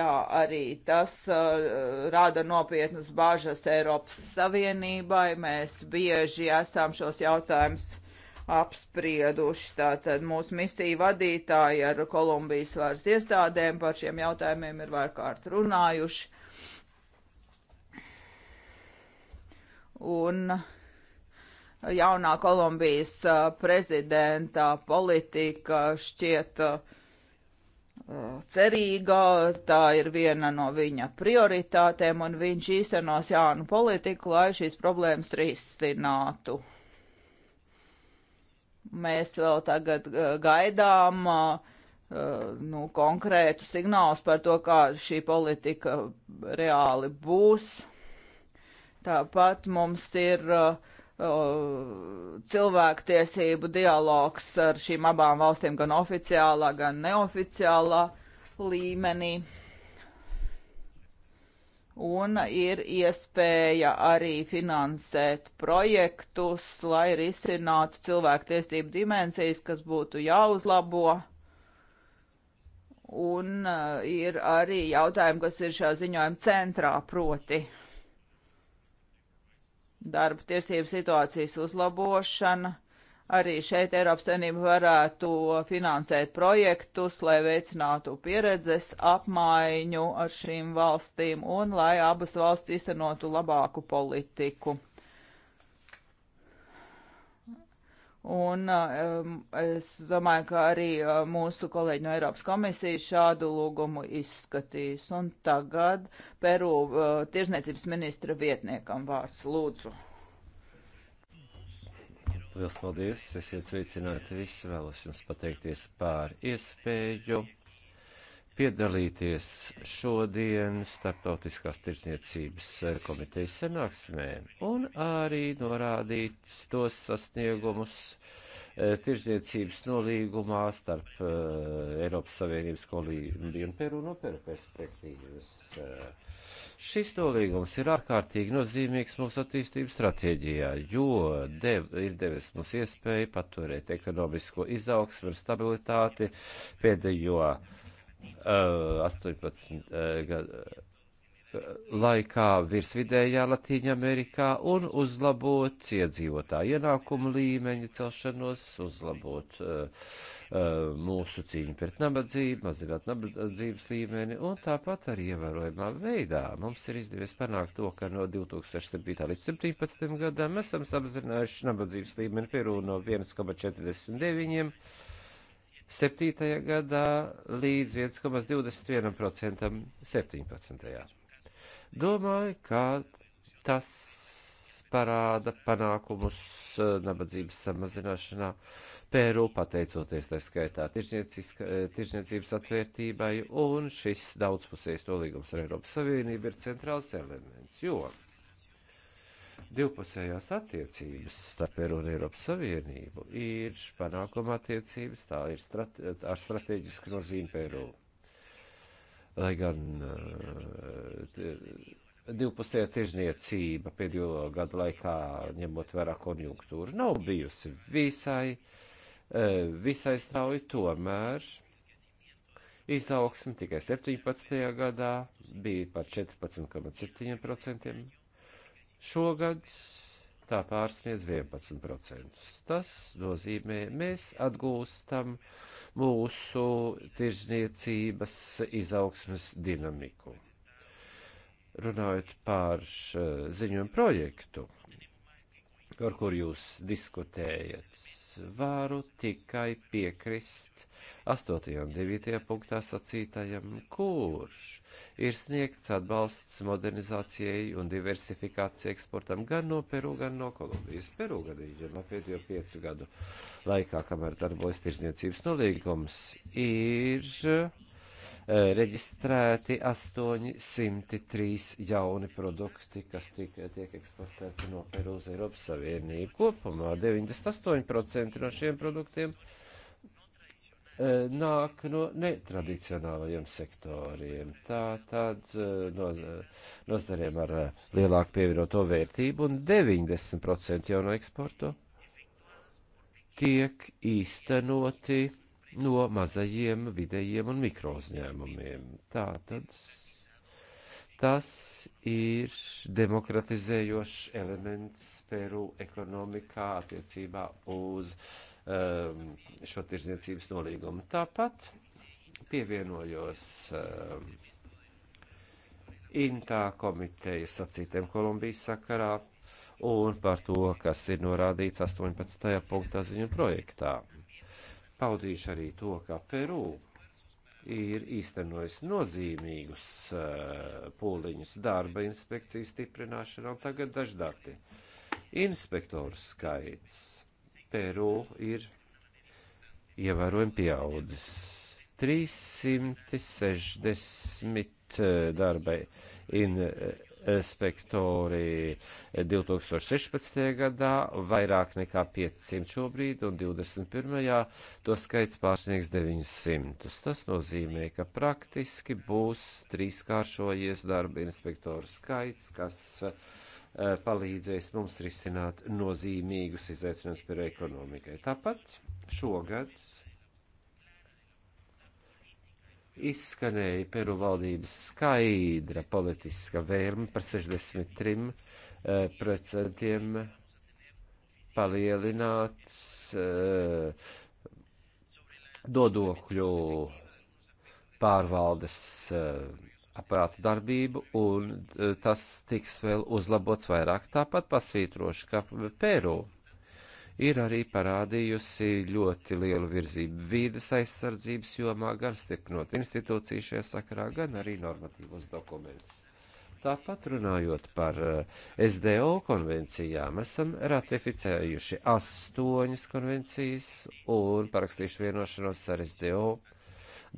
[SPEAKER 1] Jā, arī tas uh, rada nopietnas bāžas Eiropas Savienībai. Mēs bieži esam šos jautājumus uh, apsprieduši. Tātad mūsu misiju vadītāji ar Kolumbijas varas iestādēm par šiem jautājumiem ir vairkārt runājuši. Un jaunā Kolumbijas prezidenta politika šķiet cerīga, tā ir viena no viņa prioritātēm, un viņš īstenos jaunu politiku, lai šīs problēmas risinātu. Mēs vēl tagad uh, gaidām uh, uh, nu, konkrētu signālus par to, kā šī politika reāli būs. Tāpat mums ir cilvēktiesību dialogs ar šīm abām valstīm gan oficiālā, gan neoficiālā līmenī un ir iespēja arī finansēt projektus, lai risinātu cilvēktiesību dimensijas, kas būtu jāuzlabo. Un uh, ir arī jautājumi, kas ir šā ziņojuma centrā, proti darba tiesību situācijas uzlabošana arī šeit Eiropas Savienība varētu finansēt projektus, lai veicinātu pieredzes apmaiņu ar šīm valstīm un lai abas valsts īstenotu labāku politiku. Un um, es domāju, ka arī uh, mūsu kolēģi no Eiropas komisijas šādu lūgumu izskatīs. Un tagad Peru uh, tirzniecības ministra vietniekam vārds lūdzu.
[SPEAKER 3] Liels paldies, esiet sveicināti visi, vēlos jums pateikties pār iespēju piedalīties šodien Startautiskās tirsniecības eh, komitejas sanāksmē un arī norādīt tos sasniegumus, Eh, tirzniecības nolīgumā starp eh, Eiropas Savienības kolīmbiju un Peru no Peru perspektīvas. Eh, šis nolīgums ir ārkārtīgi nozīmīgs mūsu attīstības stratēģijā, jo dev, ir devis mums iespēju paturēt ekonomisko izaugsmu un stabilitāti pēdējo uh, 18 uh, gadu laikā virsvidējā Latīņa Amerikā un uzlabot iedzīvotāju ienākumu līmeņa celšanos, uzlabot uh, uh, mūsu cīņu pret nabadzību, mazināt nabadzības līmeni un tāpat arī ievērojamā veidā mums ir izdevies panākt to, ka no 2007. līdz 2017. gadam esam samazinājuši nabadzības līmeni Peru no 1,49. 7. gadā līdz 1,21% 17. Domāju, ka tas parāda panākumus eh, nabadzības samazināšanā Pēru, pateicoties tā skaitā eh, tirzniecības atvērtībai, un šis daudzpusējs nolīgums ar Eiropas Savienību ir centrāls elements, jo divpusējās attiecības starp Peru un Eiropas Savienību ir panākuma attiecības, tā ir strate ar strateģisku nozīmi Peru lai gan eh, divpusējā tirzniecība pēdējo gadu laikā, ņemot vērā konjunktūru, nav bijusi visai, eh, visai strauji tomēr. Izaugsme tikai 17. gadā bija par 14,7%. Šogad tā pārsniedz 11%. Tas nozīmē, mēs atgūstam mūsu tirzniecības izaugsmes dinamiku. Runājot par eh, ziņojumu projektu, ar kur jūs diskutējat, varu tikai piekrist 8. un 9. punktā sacītajam, kurš ir sniegts atbalsts modernizācijai un diversifikācijai eksportam gan no Peru, gan no Kolumbijas. Peru gadījumā pēdējo piecu gadu laikā, kamēr darbojas tirzniecības nolīgums, ir Eh, reģistrēti 803 jauni produkti, kas tika, tiek eksportēti no Peru uz Eiropas Savienību. Kopumā 98% no šiem produktiem eh, nāk no netradicionālajiem sektoriem. Tā tad eh, noz, nozarēm ar lielāku pievienoto vērtību un 90% jau no eksporta tiek īstenoti no mazajiem, vidējiem un mikrouzņēmumiem. Tātad tas ir demokratizējošs elements Peru ekonomikā attiecībā uz um, šo tirzniecības nolīgumu. Tāpat pievienojos um, Intā komitejas sacītēm Kolumbijas sakarā un par to, kas ir norādīts 18. punktā ziņu projektā. Paudīšu arī to, ka Peru ir īstenojis nozīmīgus uh, pūliņus darba inspekcijas stiprināšanā, un tagad daždati. Inspektoru skaits Peru ir ievērojami pieaudzis. 360 eh, darba in, uh, inspektori 2016. Eh, gadā, vairāk nekā 500 šobrīd, un 21. to skaits pārsniegs 900. Tas nozīmē, ka praktiski būs trīskāršojies darba inspektoru skaits, kas eh, palīdzēs mums risināt nozīmīgus izaicinājumus par ekonomikai. Tāpat šogad izskanēja Peru valdības skaidra politiska vērme par 63 eh, procentiem palielināts dodokļu eh, pārvaldes eh, aparāta darbību, un tas tiks vēl uzlabots vairāk. Tāpat pasvītroši, ka Peru ir arī parādījusi ļoti lielu virzību vīdes aizsardzības jomā, gan stiprinot institūciju šajā sakarā, gan arī normatīvos dokumentus. Tāpat runājot par eh, SDO konvencijām, esam ratificējuši astoņas konvencijas un parakstījuši vienošanos ar SDO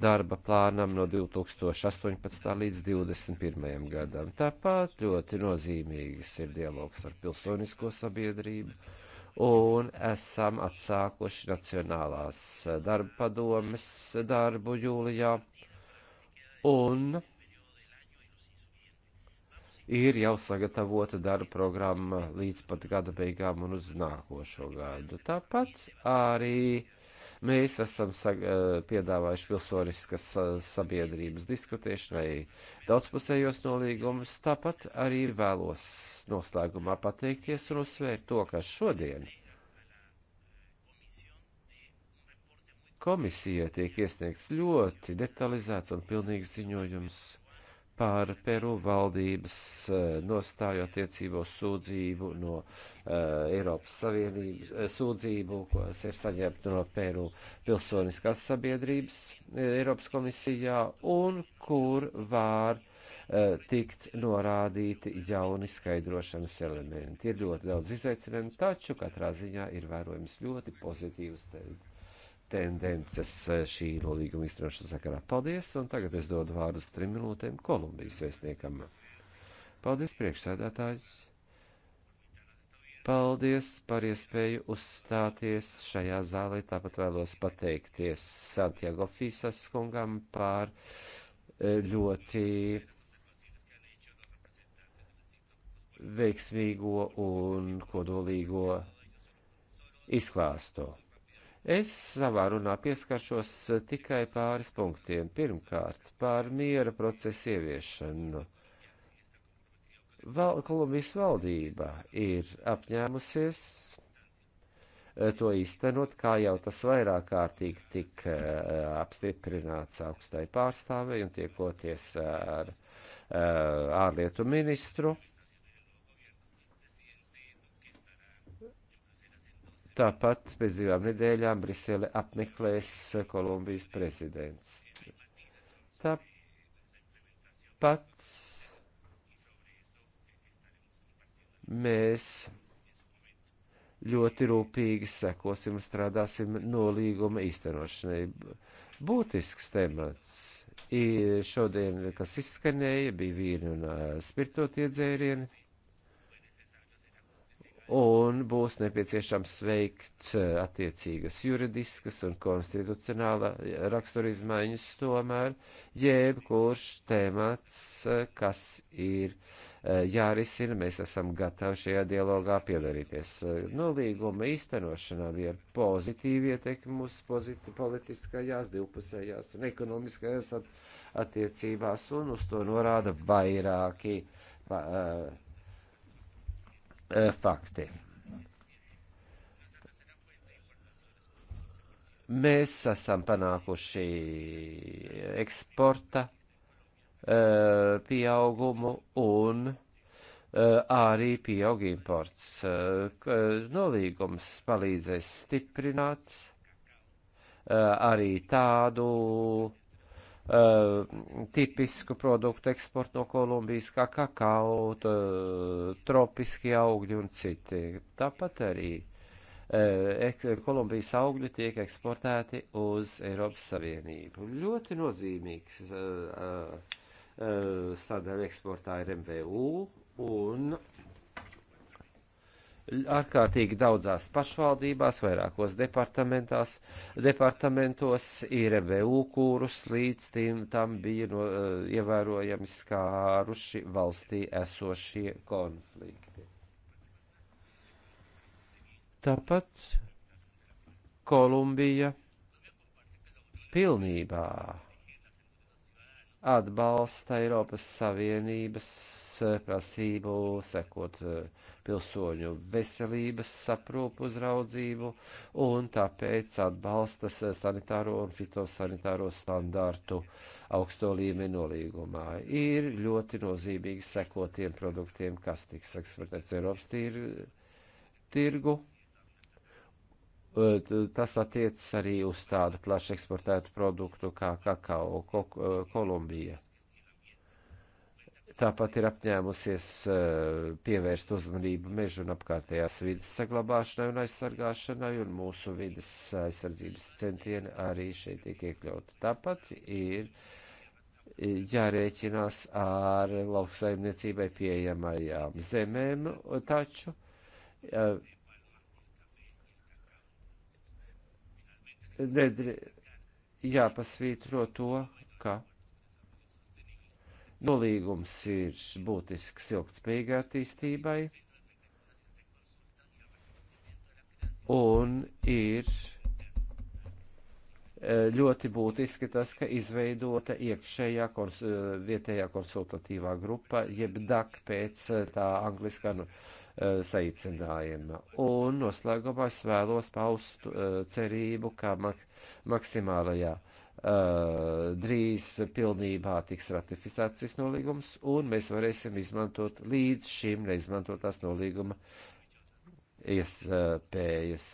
[SPEAKER 3] darba plānam no 2018. līdz 2021. gadam. Tāpat ļoti nozīmīgs ir dialogs ar pilsonisko sabiedrību un esam atsākuši Nacionālās darba padomes darbu jūlijā, un ir jau sagatavota darba programma līdz pat gada beigām un uz nākošo gadu. Tāpat arī uh, Mēs esam eh, piedāvājuši pilsoniskas eh, sabiedrības diskutēšanai daudzpusējos nolīgumus. Tāpat arī vēlos noslēgumā pateikties un uzsvērt to, ka šodien komisijai tiek iesniegts ļoti detalizēts un pilnīgs ziņojums par Peru valdības eh, nostāju attiecību sūdzību no uh, Eiropas Savienības, eh, sūdzību, kas ir saņemta no Peru pilsoniskās sabiedrības Eiropas komisijā un kur var uh, tikt norādīti jauni skaidrošanas elementi. Ir ļoti daudz izaicinājumu, taču katrā ziņā ir vērojams ļoti pozitīvs teikums tendences e, šī nolīguma izstrāšanas sakarā. Paldies, un tagad es dodu vārdu uz trim minūtēm Kolumbijas vēstniekam. Paldies, priekšsēdētāji! Paldies par iespēju uzstāties šajā zālē. Tāpat vēlos pateikties Santiago Fisas kungam par e, ļoti veiksmīgo un kodolīgo izklāstu. Es savā runā pieskaršos eh, tikai pāris punktiem. Pirmkārt, pār miera procesu ieviešanu. Val Kolumbijas valdība ir apņēmusies eh, to īstenot, kā jau tas vairāk kārtīgi tika eh, apstiprināts augstai pārstāvei un tiekoties ar ārlietu ministru. Tāpat pēc divām nedēļām Brisele apmeklēs Kolumbijas prezidents. Tāpat mēs ļoti rūpīgi sekosim un strādāsim nolīguma īstenošanai. Būtisks temats šodien, kas izskanēja, bija vīni un spirtotie dzērieni un būs nepieciešams veikt e, attiecīgas juridiskas un konstitucionāla e, raksturizmaiņas tomēr, jebkurš temats, e, kas ir jārisina, mēs esam gatavi šajā dialogā piedalīties. Nolīguma īstenošanā bija pozitīvi ietekmi mūsu pozit politiskajās, divpusējās un ekonomiskajās attiecībās, un uz to norāda vairāki. Uh, E, fakti. Mēs esam panākuši eksporta e, pieaugumu un e, arī pieaug imports. Nolīgums palīdzēs stiprināt arī tādu Uh, tipisku produktu eksportu no Kolumbijas, kā kakao, tropiski augļi un citi. Tāpat arī uh, Kolumbijas augļi tiek eksportēti uz Eiropas Savienību. Ļoti nozīmīgs uh, sadaļa eksportā ir MVU un ārkārtīgi daudzās pašvaldībās, vairākos departamentos ir MVU, kurus līdz tim, tam bija no, eh, ievērojami skāruši valstī esošie konflikti. Tāpat Kolumbija pilnībā atbalsta Eiropas Savienības eh, prasību sekot eh, pilsoņu veselības saprūpu uzraudzību un tāpēc atbalsta sanitāro un fitosanitāro standārtu augsto līmeni nolīgumā. Ir ļoti nozīmīgi sekotiem produktiem, kas tiks eksportēts Eiropas tīr, tirgu. Tas attiecas arī uz tādu plašu eksportētu produktu kā kakao, ko, Kolumbija tāpat ir apņēmusies eh, pievērst uzmanību mežu un apkārtējās vidas saglabāšanai un aizsargāšanai, un mūsu vidas aizsardzības centieni arī šeit tiek iekļauti. Tāpat ir jārēķinās ar lauksaimniecībai pieejamajām zemēm, taču eh, nedri, jāpasvītro to, ka Nolīgums ir būtisks ilgtspējīgai attīstībai un ir e, ļoti būtiski tas, ka izveidota iekšējā kons e, vietējā konsultatīvā grupa, jeb DAK pēc e, tā angliskā nu, saicinājuma. Un noslēgumā es vēlos paust uh, cerību, ka mak maksimālajā uh, Eh, drīz pilnībā tiks ratificēts šis nolīgums, un mēs varēsim izmantot līdz šim neizmantotās nolīguma iespējas.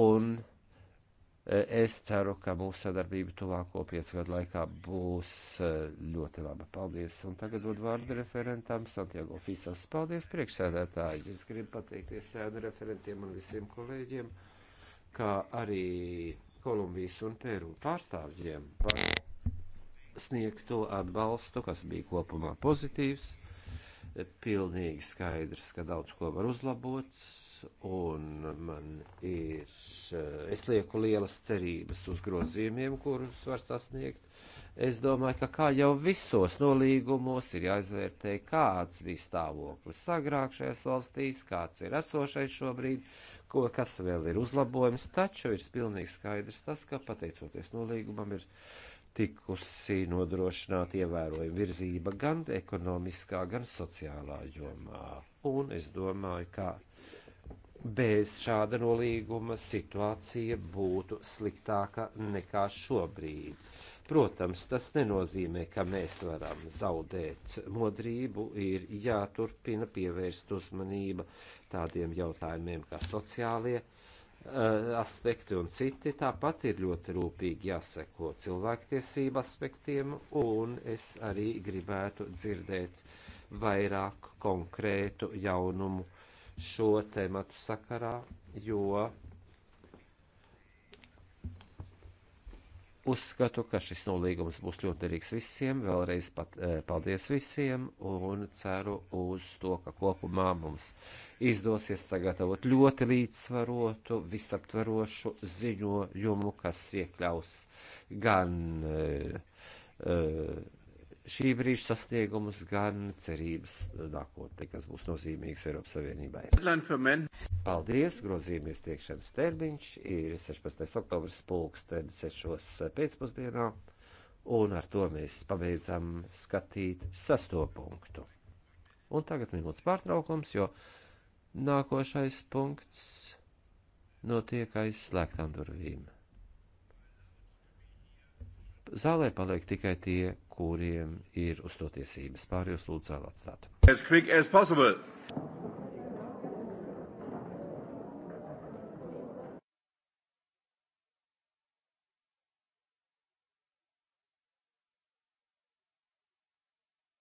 [SPEAKER 3] Un eh, es ceru, ka mūsu sadarbība tuvāko piecu gadu laikā būs eh, ļoti laba. Paldies! Un tagad dod vārdu referentam Santiago Fisas. Paldies, priekšsēdētāji! Es gribu pateikties sēdu referentiem un visiem kolēģiem, kā arī Kolumbijas un Peru pārstāvjiem par sniegto atbalstu, kas bija kopumā pozitīvs. Pilnīgi skaidrs, ka daudz ko var uzlabot, un man ir, es lieku lielas cerības uz grozījumiem, kurus var sasniegt. Es domāju, ka kā jau visos nolīgumos ir jāizvērtē, kāds bija stāvoklis agrāk šajās valstīs, kāds ir esošais šobrīd, ko, kas vēl ir uzlabojums, taču ir pilnīgi skaidrs tas, ka pateicoties nolīgumam ir tikusi nodrošināta ievērojama virzība gan ekonomiskā, gan sociālā jomā. Un es domāju, ka bez šāda nolīguma situācija būtu sliktāka nekā šobrīd. Protams, tas nenozīmē, ka mēs varam zaudēt modrību, ir jāturpina pievērst uzmanība tādiem jautājumiem kā sociālie eh, aspekti un citi. Tāpat ir ļoti rūpīgi jāseko cilvēktiesību aspektiem, un es arī gribētu dzirdēt vairāk konkrētu jaunumu šo tematu sakarā, jo Uzskatu, ka šis nolīgums būs ļoti derīgs visiem. Vēlreiz pat, e, paldies visiem un ceru uz to, ka kopumā mums izdosies sagatavot ļoti līdzsvarotu, visaptverošu ziņojumu, kas iekļaus gan. Uh, uh, šī brīža sasniegumus, gan cerības nākotnē, kas būs nozīmīgs Eiropas Savienībai. Paldies! Grozījuma iestiekšanas termiņš ir 16. oktobris pulksteni 6. pēcpusdienā, un ar to mēs pabeidzam skatīt sesto punktu. Un tagad minūtes pārtraukums, jo nākošais punkts notiek aizslēgtām durvīm. Zālē paliek tikai tie, kuriem ir uz to tiesības. Pārējos lūdzu vēl atstāt.
[SPEAKER 2] As quick as possible.